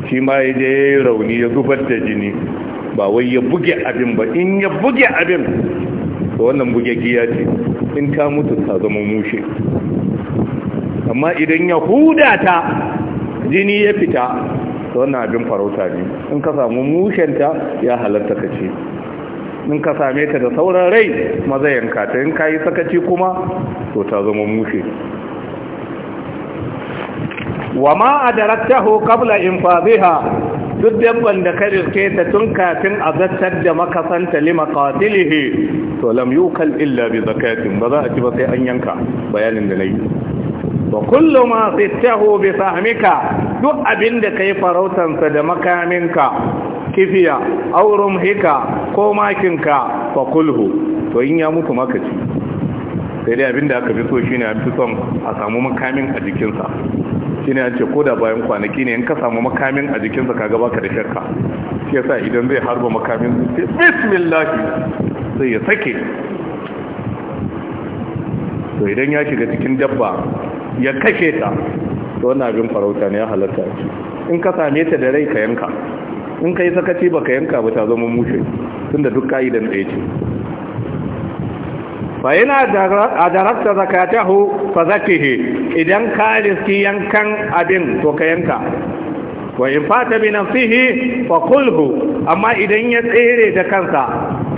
shi ma ya yi rauni ya zubar da jini ba wai ya buge abin ba in ya buge abin to wannan buge giya ce in ka mutu ta zama mushe amma idan ya huda ta jini ya fita to wannan abin farauta ne in ka samu mushenta ya halatta ka ce in ka same ta da sauran rai maza yanka ta in ka yi sakaci kuma to ta zama mushe wa ma kabla in faziha duk dabban da ka riske ta tun kafin a zartar da makasanta lima qatilihi to lam yukal illa bi zakatin ba za a ci ba sai an yanka bayanin da nayi wa kullu ma sittahu bi sahmika duk abinda kai farautansa da makaminka kifiya aurum hika ko makinka fa kulhu to in ya mutu maka ci sai dai abinda aka fi so shine an fi son a samu makamin a jikinsa shine an ce ko da bayan kwanaki ne in ka samu makamin a jikinsa kaga baka da shakka shi yasa idan zai harba makamin sai bismillah sai ya sake to idan ya shiga cikin dabba ya kashe ta to wannan abin farauta ne ya halatta in ka same ta da rai ka yanka in ka yi sakaci ba ka yanka ba ta zama mushe tunda duk ka'idan da ce. fa yana a adarakta hu fa zakihi idan ka riski yankan abin to ka yanka wa in fata bi fihi fa kulhu amma idan ya tsere da kansa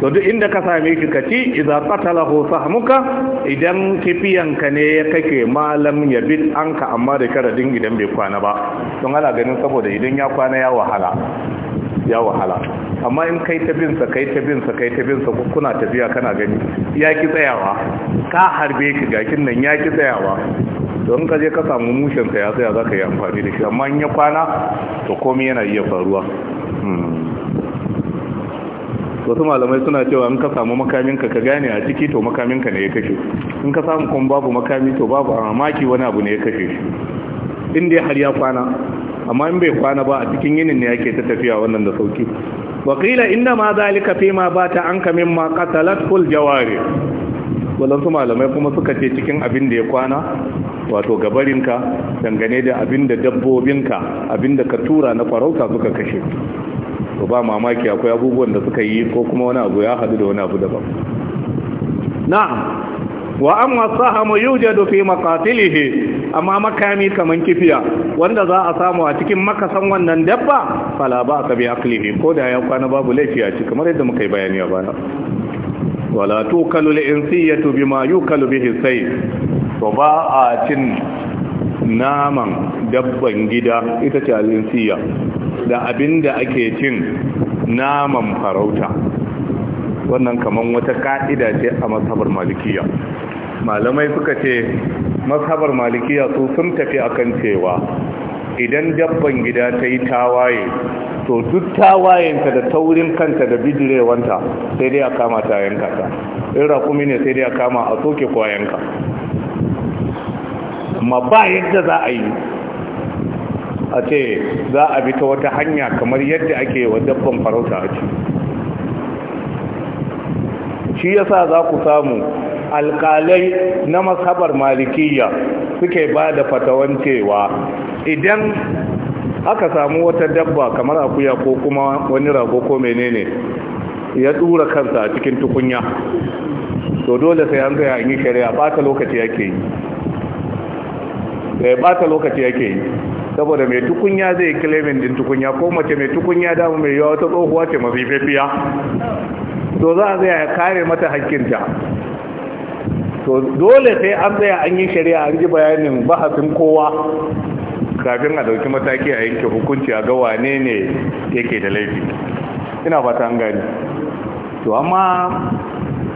to duk inda ka same shi kaci idza qatalahu sahmuka idan kifiyanka ne ya kake malam ya bi anka amma da karadin idan bai kwana ba don ana ganin saboda idan ya kwana ya wahala ya wahala amma in kai ta binsa kai ta binsa kai ta binsa kuna tafiya kana gani ya ki tsayawa ka harbe ki gakin nan ya ki tsayawa don ka je ka samu mushinsa ya tsaya za ka yi amfani da shi amma in ya kwana to komai yana iya faruwa hmm. wasu malamai suna cewa in ka samu makaminka ka gane a ciki to makaminka ne ya kashe in ka samu kuma babu makami to babu a mamaki wani abu ne ya kashe shi in dai har ya kwana amma in bai kwana ba a cikin yinin ne yake ta tafiya wannan da sauki wakila inda ma zalika fi ma bata an kamin ma qatalat kul jawari walansu malamai kuma suka ce cikin abin da ya kwana wato gabarinka dangane da abin da dabbobinka abin da ka tura na farauta suka kashe to ba mamaki akwai abubuwan da suka yi ko kuma wani abu ya hadu da wani abu daban na'am wa amma sahamu yujadu fi maqatilihi amma makami kaman kifiya wanda za a samu a cikin makasan wannan dabba fala ba ka bi aklihi ko da ya kwana babu laifi a cikin kamar yadda muka yi bayani a bana wala tukalu al-insiyatu bima yukalu bihi sayf to ba a cin naman dabban gida ita ce al-insiya da abinda ake cin naman farauta wannan kaman wata ka'ida ce a masabar malikiya malamai suka ce mazhabar malikiya su sun tafi akan cewa idan dabban gida ta yi tawaye to duk tawayenta da taurin kanta da bijirewanta sai dai a kama ta yanka ta in rakumi ne sai dai a kama a soke kwayanka amma ba yadda za a yi a ce za a bi ta wata hanya kamar yadda ake wa dabban farauta a ciki shi yasa za ku samu alƙalai na masabar malikiya suke ba da fatawan cewa idan aka samu wata dabba kamar akuya ko kuma wani rago ko menene ya dura kansa a cikin tukunya to dole sai an zai yi shari'a bata lokaci yake yi sai eh, bata lokaci yake yi saboda mai tukunya zai kilemin din tukunya ko mace mai tukunya damu mai yawa ta tsohuwa ce mafi fafiya to za a zai kare mata hakkinta to dole sai an tsaya an yi shari'a an ji bayanin bahasin kowa kafin a dauki mataki a yanke hukunci a gawa ne ne yake da laifi ina fata an gani to amma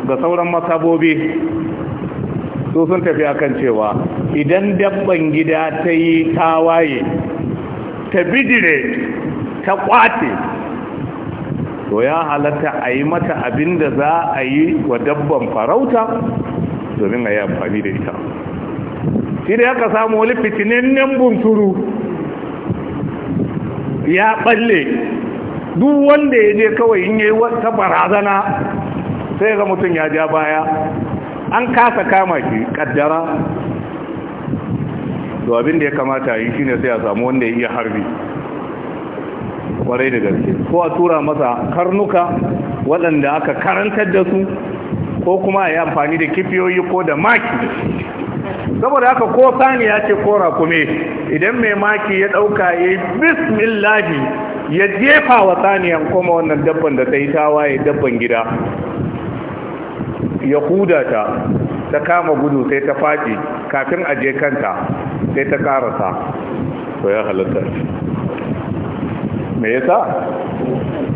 ga sauran masabobi su sun tafi akan cewa idan dabban gida ta yi tawaye ta bidire ta kwace to ya halatta a yi mata abin da za a yi wa dabban farauta domin a yi amfani da ita shi da yaka samu wani fitinannen bunturu ya balle duk wanda ya je kawai in yi ta barazana sai ga mutum ya ja baya an kasa kama shi kaddara to abin da ya kamata yi shi ne sai a samu wanda ya iya harbi kwarai da gaske ko a tura masa karnuka waɗanda aka karantar da su ko kuma a yi amfani da kifiyoyi ko da maki saboda haka ko sani ya ce kora kuma idan mai maki ya ɗauka ya yi bismillahi ya jefa wa saniyan koma wannan dabban da ta yi tawaye dabban gida ya huda ta ta kama gudu sai ta faɗi kafin a je kanta sai ta karasa to ya halatta me yasa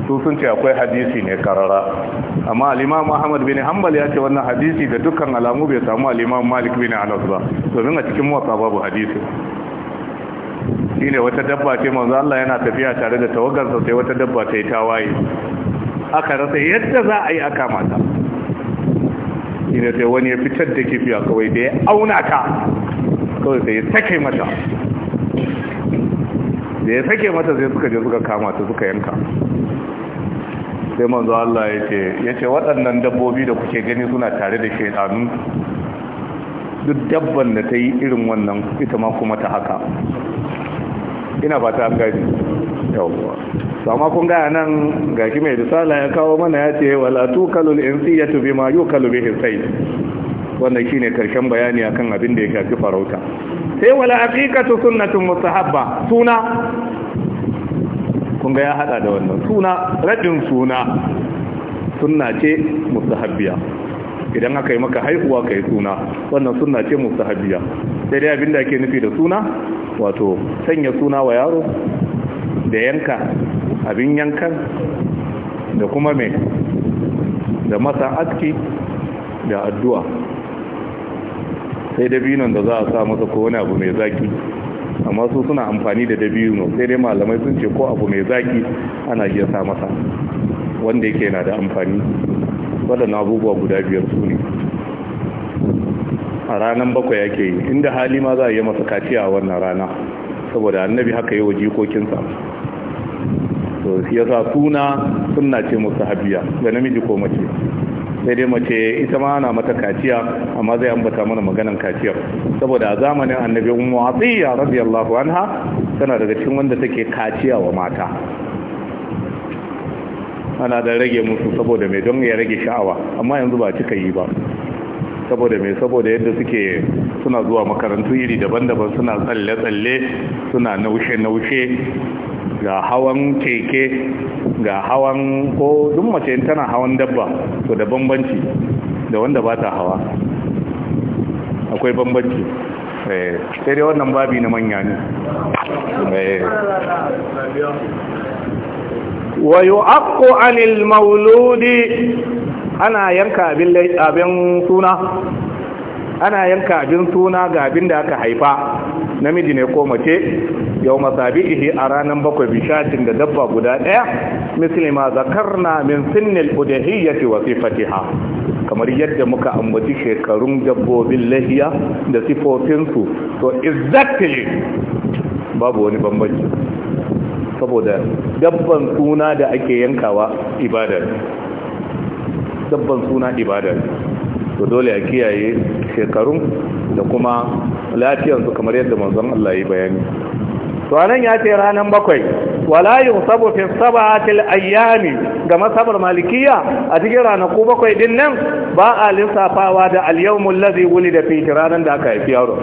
su sun ce akwai hadisi ne karara amma al-imam Ahmad bin Hanbal ya ce wannan hadisi da dukkan alamu bai samu al-imam Malik bin Anas ba domin a cikin muwatta babu hadisi shine wata dabba ce manzo Allah yana tafiya tare da sa sai wata dabba ta yi tawaye aka rasa yadda za a yi aka mata shine sai wani ya fitar da kifi a kawai da ya auna ta kawai sai ya take mata da ya sake mata sai suka je suka kama ta suka yanka sai manzo Allah ya ce waɗannan dabbobi da kuke gani suna tare da shaidanu duk dabban da ta irin wannan ita ma kuma ta haka ina ba ta gani yawwa amma kun gaya nan ga shi mai risala ya kawo mana ya ce wala tukalul insiyatu bima yukalu bihi sayyid wannan shine karshen bayani akan abin da ya shafi farauta sai wala aqiqatu sunnatun mustahabba suna kun ga ya hada da wannan suna raɗin suna sunna ce mustahabbiya idan aka yi maka haihuwa kai suna wannan sunna ce mustahabbiya sai dai abinda ke nufi da suna wato sanya suna wa yaro da yanka abin yankan da kuma mai da masa aski da addu'a sai dabinon da za a sa masa ko wani abu mai zaki amma su suna amfani da dabino sai dai malamai sun ce ko abu mai zaki ana iya sa masa wanda yake na da amfani waɗannan abubuwa guda biyar su ne a ranar bakwai ake yi inda hali ma za a yi masa kaciya a wannan rana saboda annabi haka yi wa jikokinsa to ya sa suna suna ce musu habiya ga namiji ko mace sai dai mace ita ma na mata kaciya amma zai ambata mana maganan kaciyar saboda a zamanin annabi ummu a radiyallahu anha tana daga cikin wanda take kaciya wa mata ana da rage musu saboda mai don ya rage sha'awa amma yanzu ba cika yi ba saboda mai saboda yadda suke suna zuwa makarantu iri daban-daban suna tsalle-tsalle suna naushe-naushe ga hawan keke ga hawan ko duk mace tana hawan dabba to da bambanci da wanda ba ta hawa akwai bambanci eh, sai dai wannan babi na manya ne eh. wa yu'aqqu 'anil mauludi ana yanka abin abin suna ana yanka abin suna ga abin da aka haifa namiji ne ko mace yau ihe a ranar bakwai bishatin da dabba guda ɗaya zakar na min sinnil ce wasu fatiha kamar yadda muka ambaci shekarun dabbobin lahiya da sifofinsu to exactly babu wani bambanci saboda dabban suna da ake yankawa ibadar dabban suna ibadar to dole a kiyaye shekarun da kuma lafiyansu kamar yadda manzon Allah ya bayani to anan ya ce ranan bakwai wala yusabu fi sab'atil ayyami ga masabar malikiya a cikin ranaku bakwai din nan ba a lissafawa da al-yawmul ladhi wulida fi ranan da aka haifi yaro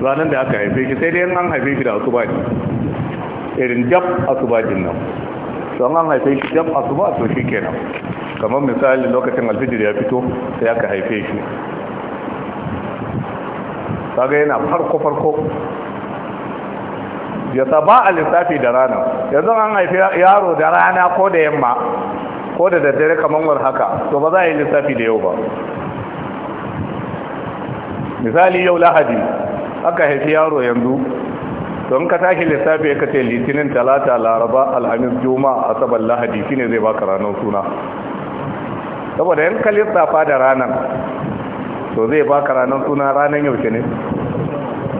ranar da aka haife shi sai dai an haife shi da asuba ne irin jab asuba din nan to an haife shi jab asuba to shi kenan kamar misali lokacin alfijir ya fito sai aka haife shi kaga yana farko farko ya sa ba a lissafi da rana yanzu an haifi yaro da rana ko da yamma ko da daddare kamar war haka to ba za a yi lissafi da yau ba misali yau lahadi aka haifi yaro yanzu don ka tashi lissafi ka kace litinin talata laraba alhamis juma'a asabar lahadi shine zai baka ranar suna saboda yan ka lissafa da ranar to zai baka ranar suna ranar yau ne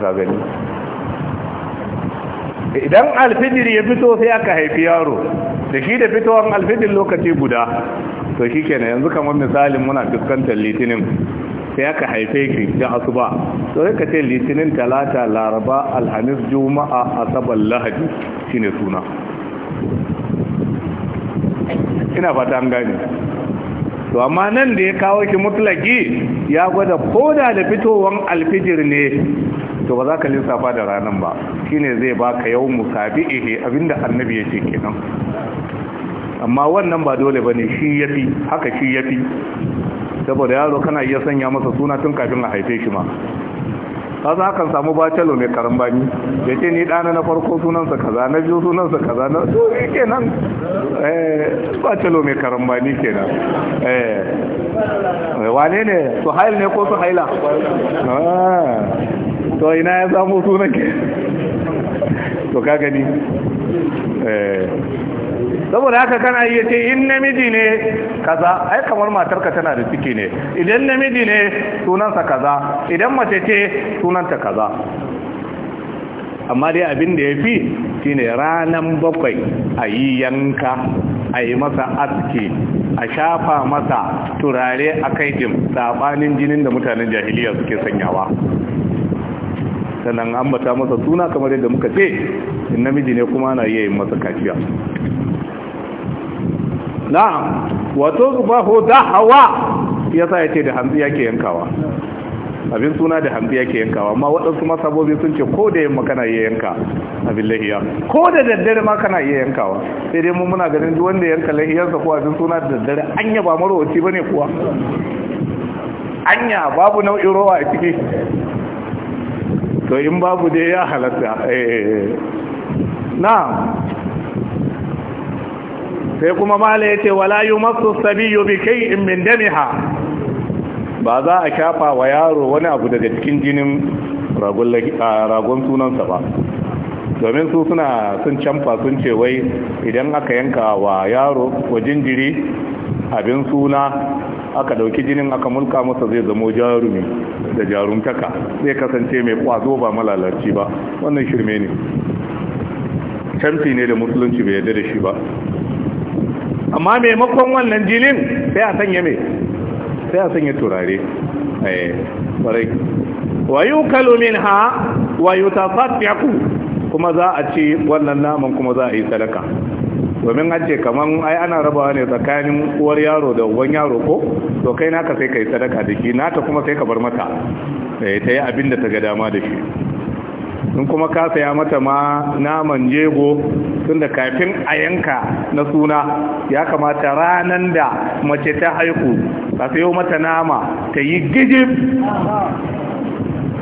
zagani idan alfijir ya fito sai aka haifi yaro da shi da fitowar alfijir lokaci guda to shi kenan yanzu kamar misali muna fuskantar litinin sai aka haife ki da asuba to sai ka ce litinin talata laraba alhamis juma'a asabar lahadi shine suna ina fata an gani to amma nan da ya kawo shi mutlaki ya gwada koda da fitowar alfijir ne to ba za ka lissafa da ranar ba Shi ne zai ba ka yau musabi ihe abinda annabi ya ce kenan amma wannan ba dole ba ne shi yafi haka shi yafi saboda yaro kana iya sanya masa suna tun kafin a haife shi ma kaza hakan samu bacalo mai karambani da ce ni ɗana na farko sunansa kaza na biyu sunansa kaza na to kenan eh, bacalo mai karambani kenan eh, wane ne su hail ne ko su haila ah. to ina ya samu sunan ke to ka gani eh. saboda haka kana iya ce in namiji ne kaza ai kamar matarka tana da ciki ne idan namiji ne sunansa kaza idan mace ce sunanta kaza amma dai abin da ya fi shine ranan bakwai a yi yanka a yi masa aski a shafa masa turare a jim tsabanin jinin da mutanen jahiliya suke sanyawa sannan mata masa suna kamar yadda muka ce in namiji ne kuma ana iya yin masa kaciya na'am wato zubahu sa yasa ce da hanzu yake yankawa abin suna da hanzu yake yankawa amma waɗansu masabobi sun ce ko da yamma kana iya yanka abin lahiya ko da daddare ma kana iya yankawa sai dai mu muna ganin duk wanda yanka lahiyarsa ko abin suna da daddare anya ba marowaci ne kuwa anya babu nau'in rowa a ciki to in babu dai ya halatta eh. na sai kuma mala ya ce wala yi masu sabiyu bi kai in min damiha ba za a shafa wa yaro wani abu daga cikin jinin ragon sunansa ba domin su suna sun canfa sun ce wai idan aka yanka wa yaro wa jinjiri abin suna aka dauki jinin aka mulka masa zai zamo jarumi da jarumtaka zai kasance mai kwazo ba malalaci ba wannan shirme ne canfi ne da musulunci bai yadda da shi ba amma maimakon wannan jinin sai a sanya mai sai a sanya turare eh, wayo kalumin ha wayo tafafiyaku kuma za a ce wannan naman kuma za a yi sadaka domin an ce kaman ai ana rabawa ne tsakanin uwar yaro da uban yaro ko to kai naka sai kai sadaka da shi naka kuma sai ka bar mata eh ta yi abin da ta ga dama da shi in kuma ka saya mata ma naman jego tunda kafin a yanka na suna ya kamata ranan da mace ta haiku ka sayo mata nama ta yi gijib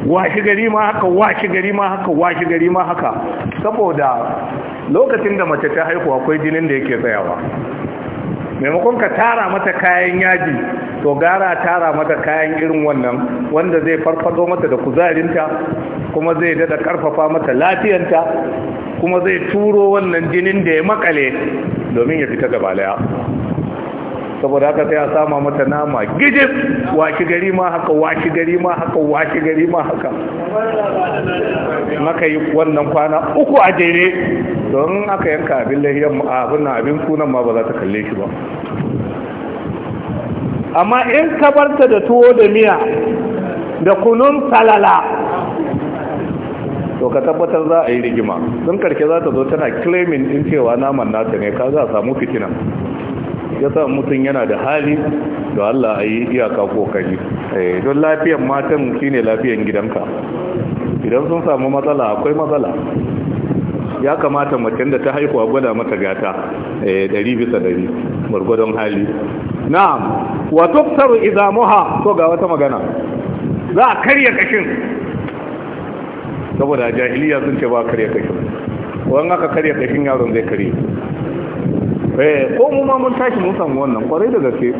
washi gari ma haka washi gari ma haka washi gari ma haka saboda lokacin da mace ta haihu akwai jinin da yake tsayawa maimakon ka tara mata kayan yaji to gara tara mata kayan irin wannan wanda zai farfado mata da kuzarinta kuma zai dada karfafa mata lafiyanta kuma zai turo wannan jinin da ya makale domin ya fita gaba balaya. saboda haka sai a sama mata nama gijin, waki gari ma haka waki gari ma haka waki gari ma haka maka yi wannan kwana uku a jere don aka yanka abin lahiyar abin na abin sunan ma ba za ta kalle shi ba amma in kabarta da tuwo da miya da kunun salala to ka tabbatar za a yi rigima don karke za ta zo tana claiming in cewa naman nata ne ka za a samu fitina ya sa mutum yana da hali da Allah a yi iyaka kokari eh, don lafiyan matan shine lafiyan gidanka idan sun samu matsala akwai matsala ya kamata macen da ta haihuwa gwada mata gata eh, ɗari bisa ɗari gwargwadon hali Na. wa tuktar izamuha so ga wata magana za a karya kashin saboda jahiliya sun ce ba karya kashin wani aka karya kashin yaron zai karye Eh, ko mu ma mun tashi mun samu wannan kwarai da gaske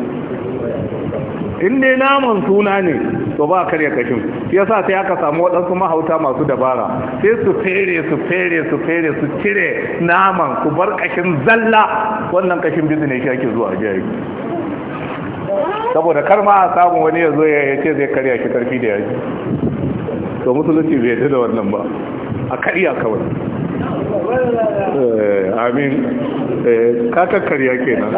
in dai naman suna ne to ba karya kashin yasa sai aka samu waɗansu mahauta masu dabara sai su fere su fere su fere su cire naman su bar kashin zalla wannan kashin bizine shi ake zuwa jayi saboda kar ma a samu wani ya zo ya ce zai karya shi karfi da yaji to musulunci bai yadda da wannan ba a karya kawai Eh, amin eh, ke kenan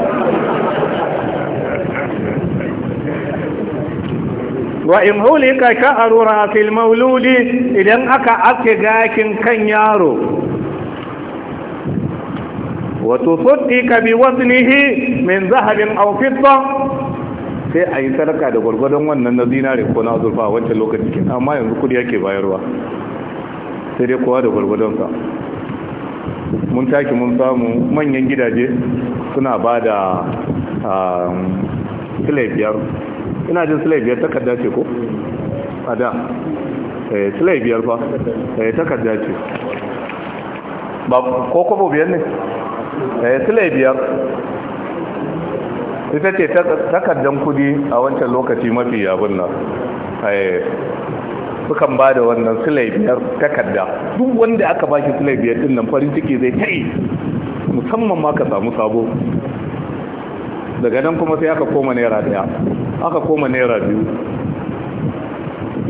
wa in hulika sha'aru rafil mauludi idan aka aske gakin kan yaro Wato wa ka bi waznihi min zahabin aw sai a yi sarka da gwargwadon wannan na zinari ko na azurfa a wancan lokacin amma yanzu kudi yake bayarwa sai dai kowa da gwargwadonsa mun taki mun samu manyan gidaje suna ba da silaibiyar ina jin biyar takarda ce ko? a da eh, silaibiyar ba eh, takarda ce ba ko kwabo biyar ne? Eh, silaibiyar ita ce takardan kudi a wancan lokaci mafi yabin nan sukan ba da wannan sulai biyar takarda duk wanda aka ba shi sulai biyar din nan farin ciki zai tai musamman ma ka samu sabo daga nan kuma sai aka koma naira daya aka koma naira biyu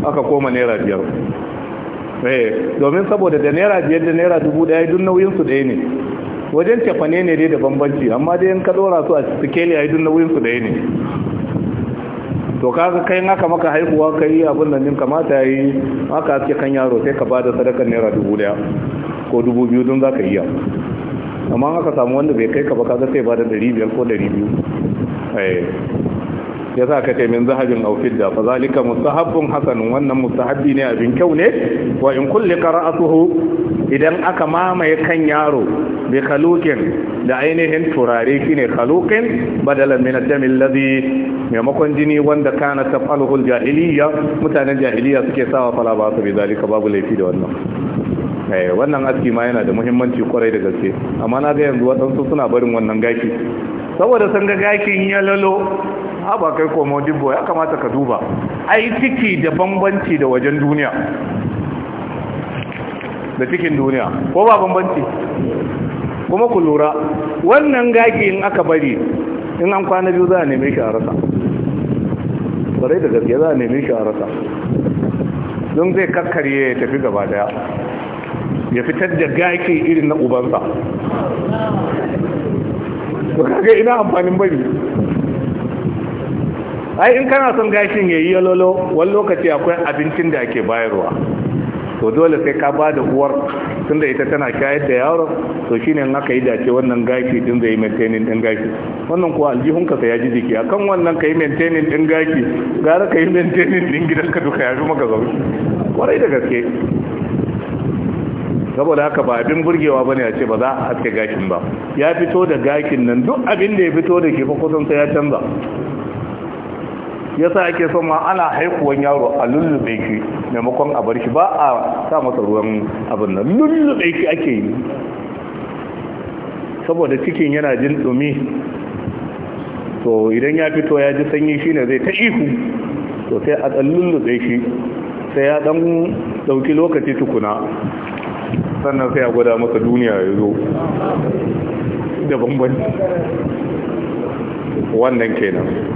aka koma naira biyar eh domin saboda da naira biyar da naira dubu daya duk nauyin su ɗaya ne wajen cefane ne dai da bambanci amma dai in ka dora su a sikeli a duk nauyin su ɗaya ne to kaga kai in aka maka haihuwa kai abin nan din kamata yi aka ce kan yaro sai ka bada sadakar naira dubu daya ko dubu biyu don zaka iya amma aka samu wanda bai kai ka ba kaga sai bada dari biyar ko dari biyu eh. ya sa ka ce min zahabin aw fidda fa zalika mustahabbun hasanun wannan mustahabbi ne abin kyau ne wa in kulli qara'atuhu idan aka mamaye kan yaro bi khaluqin da ainihin turare shine khaluqin badalan min ad alladhi maimakon jini wanda kana tafaluhu al mutanen jahiliya suke sawa fala ba su bi zalika babu laifi da wannan eh, wannan aski ma yana da muhimmanci kwarai da gaske amma na ga yanzu waɗansu suna barin wannan gaki saboda sun ga gakin ya lalo haba kai komo dibbo ya kamata ka duba ai ciki da bambanci da wajen duniya da cikin duniya ko ba bambanci kuma ku lura wannan gaki in aka bari in an kwana biyu za a neme shi a rasa barai da gaske za a neme shi a rasa don zai kakkarye ya tafi gaba daya ya fitar da gaki irin na ubansa ka kaga ina amfanin bari ai in kana son gashin yayi yalolo wani lokaci akwai abincin da ake bayarwa to dole sai ka ba da uwar tunda ita tana shayar da yaron to shine in aka yi dace wannan gashi din zai maintaining din gashi wannan kuwa aljihun ka ya ji jiki akan wannan ka yi maintaining din gashi gara ka yi maintaining din ka duka ya fi maka zaune kwarai da gaske saboda haka ba abin burgewa bane a ce ba za a haske gashin ba ya fito da gashin nan duk abin da ya fito da shi fa kusan sai ya canza Ya yasa ake son ma ana haikuwan yaro a lullube shi maimakon a bar shi ba a sa masa ruwan abin nan lullube shi ake yi saboda cikin yana jin dumi to idan ya fito ya ji sanyi shine zai ta ihu to sai a ɗan lullube shi sai ya ɗan ɗauki lokaci tukuna sannan sai a gwada masa duniya ya zo da bambanci wannan kenan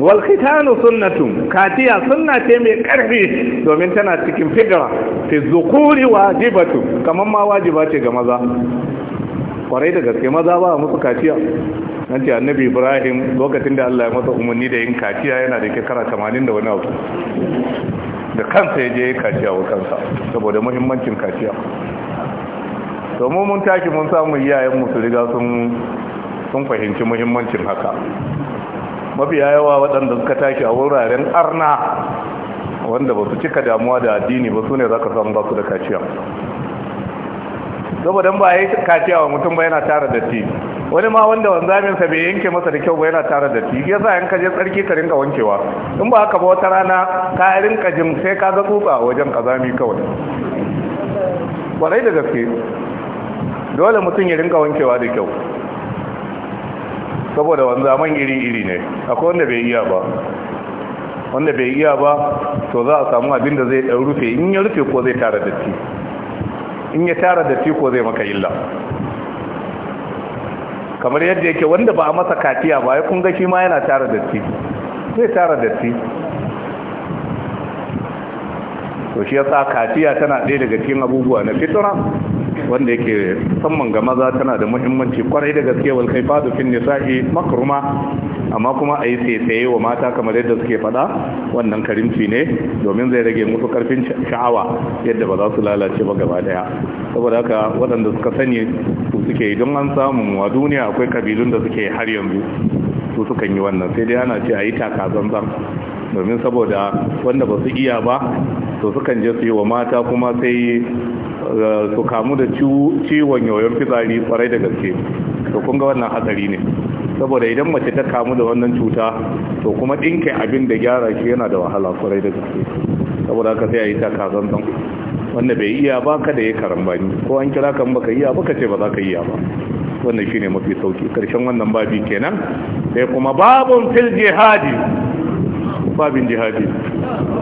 wal khitanu sunnatun katiya sunna ce mai karfi domin tana cikin figra fi zukuri wajibatu kamar ma wajiba ce ga maza kwarai da gaske maza ba musu kaciya nan ce annabi ibrahim lokacin da allah ya masa umarni da yin kaciya yana da shekara 80 da wani abu da kansa ya je ya kaciya wa kansa saboda muhimmancin kaciya domin mun tashi mun samu iyayenmu su riga sun fahimci muhimmancin haka mafiya yawa waɗanda suka tashi a wuraren arna wanda ba su cika damuwa da addini ba su ne za ka samu ba su da kaciya saboda ba ya yi kaciya wa mutum ba yana tara ti wani ma wanda wanzaminsa bai yanke masa da kyau ba yana tara datti ya sa yanka kaje tsarki ka rinka wankewa in ba haka ba wata rana ka rinka jin sai ka ga tsutsa wajen kazami kawai kwarai da gaske dole mutum ya rinka wankewa da kyau saboda wanzaman iri-iri ne akwai wanda bai iya ba wanda bai iya ba to za a samu abin da zai ɗan rufe in ya rufe ko zai tara datti in ya tara datti ko zai maka illa kamar yadda yake wanda ba a masa kafiya ba ya kunga shi ma yana tara datti zai tara datti to shi sa kafiya tana ɗaya daga cikin abubuwa na fitra wanda yake musamman ga maza tana da muhimmanci kwarai da gaske wal kaifatu fin nisa'i makruma amma kuma a yi tsaye wa mata kamar yadda suke faɗa wannan karimci ne domin zai rage musu karfin sha'awa yadda ba za su lalace ba gaba daya saboda haka waɗanda suka sani su suke don an samu a duniya akwai kabilun da suke har yanzu su sukan yi wannan sai dai ana ce a yi taka zanzan domin saboda wanda ba su iya ba to sukan je su yi wa mata kuma sai su kamu da ciwon yoyon fitsari kwarai da gaske to kun ga wannan hatsari ne saboda idan mace ta kamu da wannan cuta to kuma dinke abin da gyara shi yana da wahala kwarai da gaske saboda haka sai a yi takazantan wanda bai iya ba ka da ya karambani ko an kira kan baka iya baka ce ba za ka iya ba wannan shine mafi sauki karshen wannan babi kenan sai kuma babun fil jihadi babin jihadi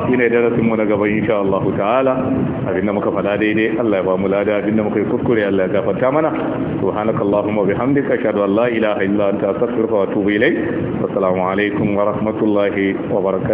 shi ne darasin mu na gaba insha Allah ta'ala abinda muka fada daidai Allah ya ba mu lada abinda muka yi kuskure Allah ya gafarta mana subhanakallahumma bihamdika ashhadu an la ilaha illa anta astaghfiruka wa atubu ilayk assalamu alaikum wa rahmatullahi wa barakatuh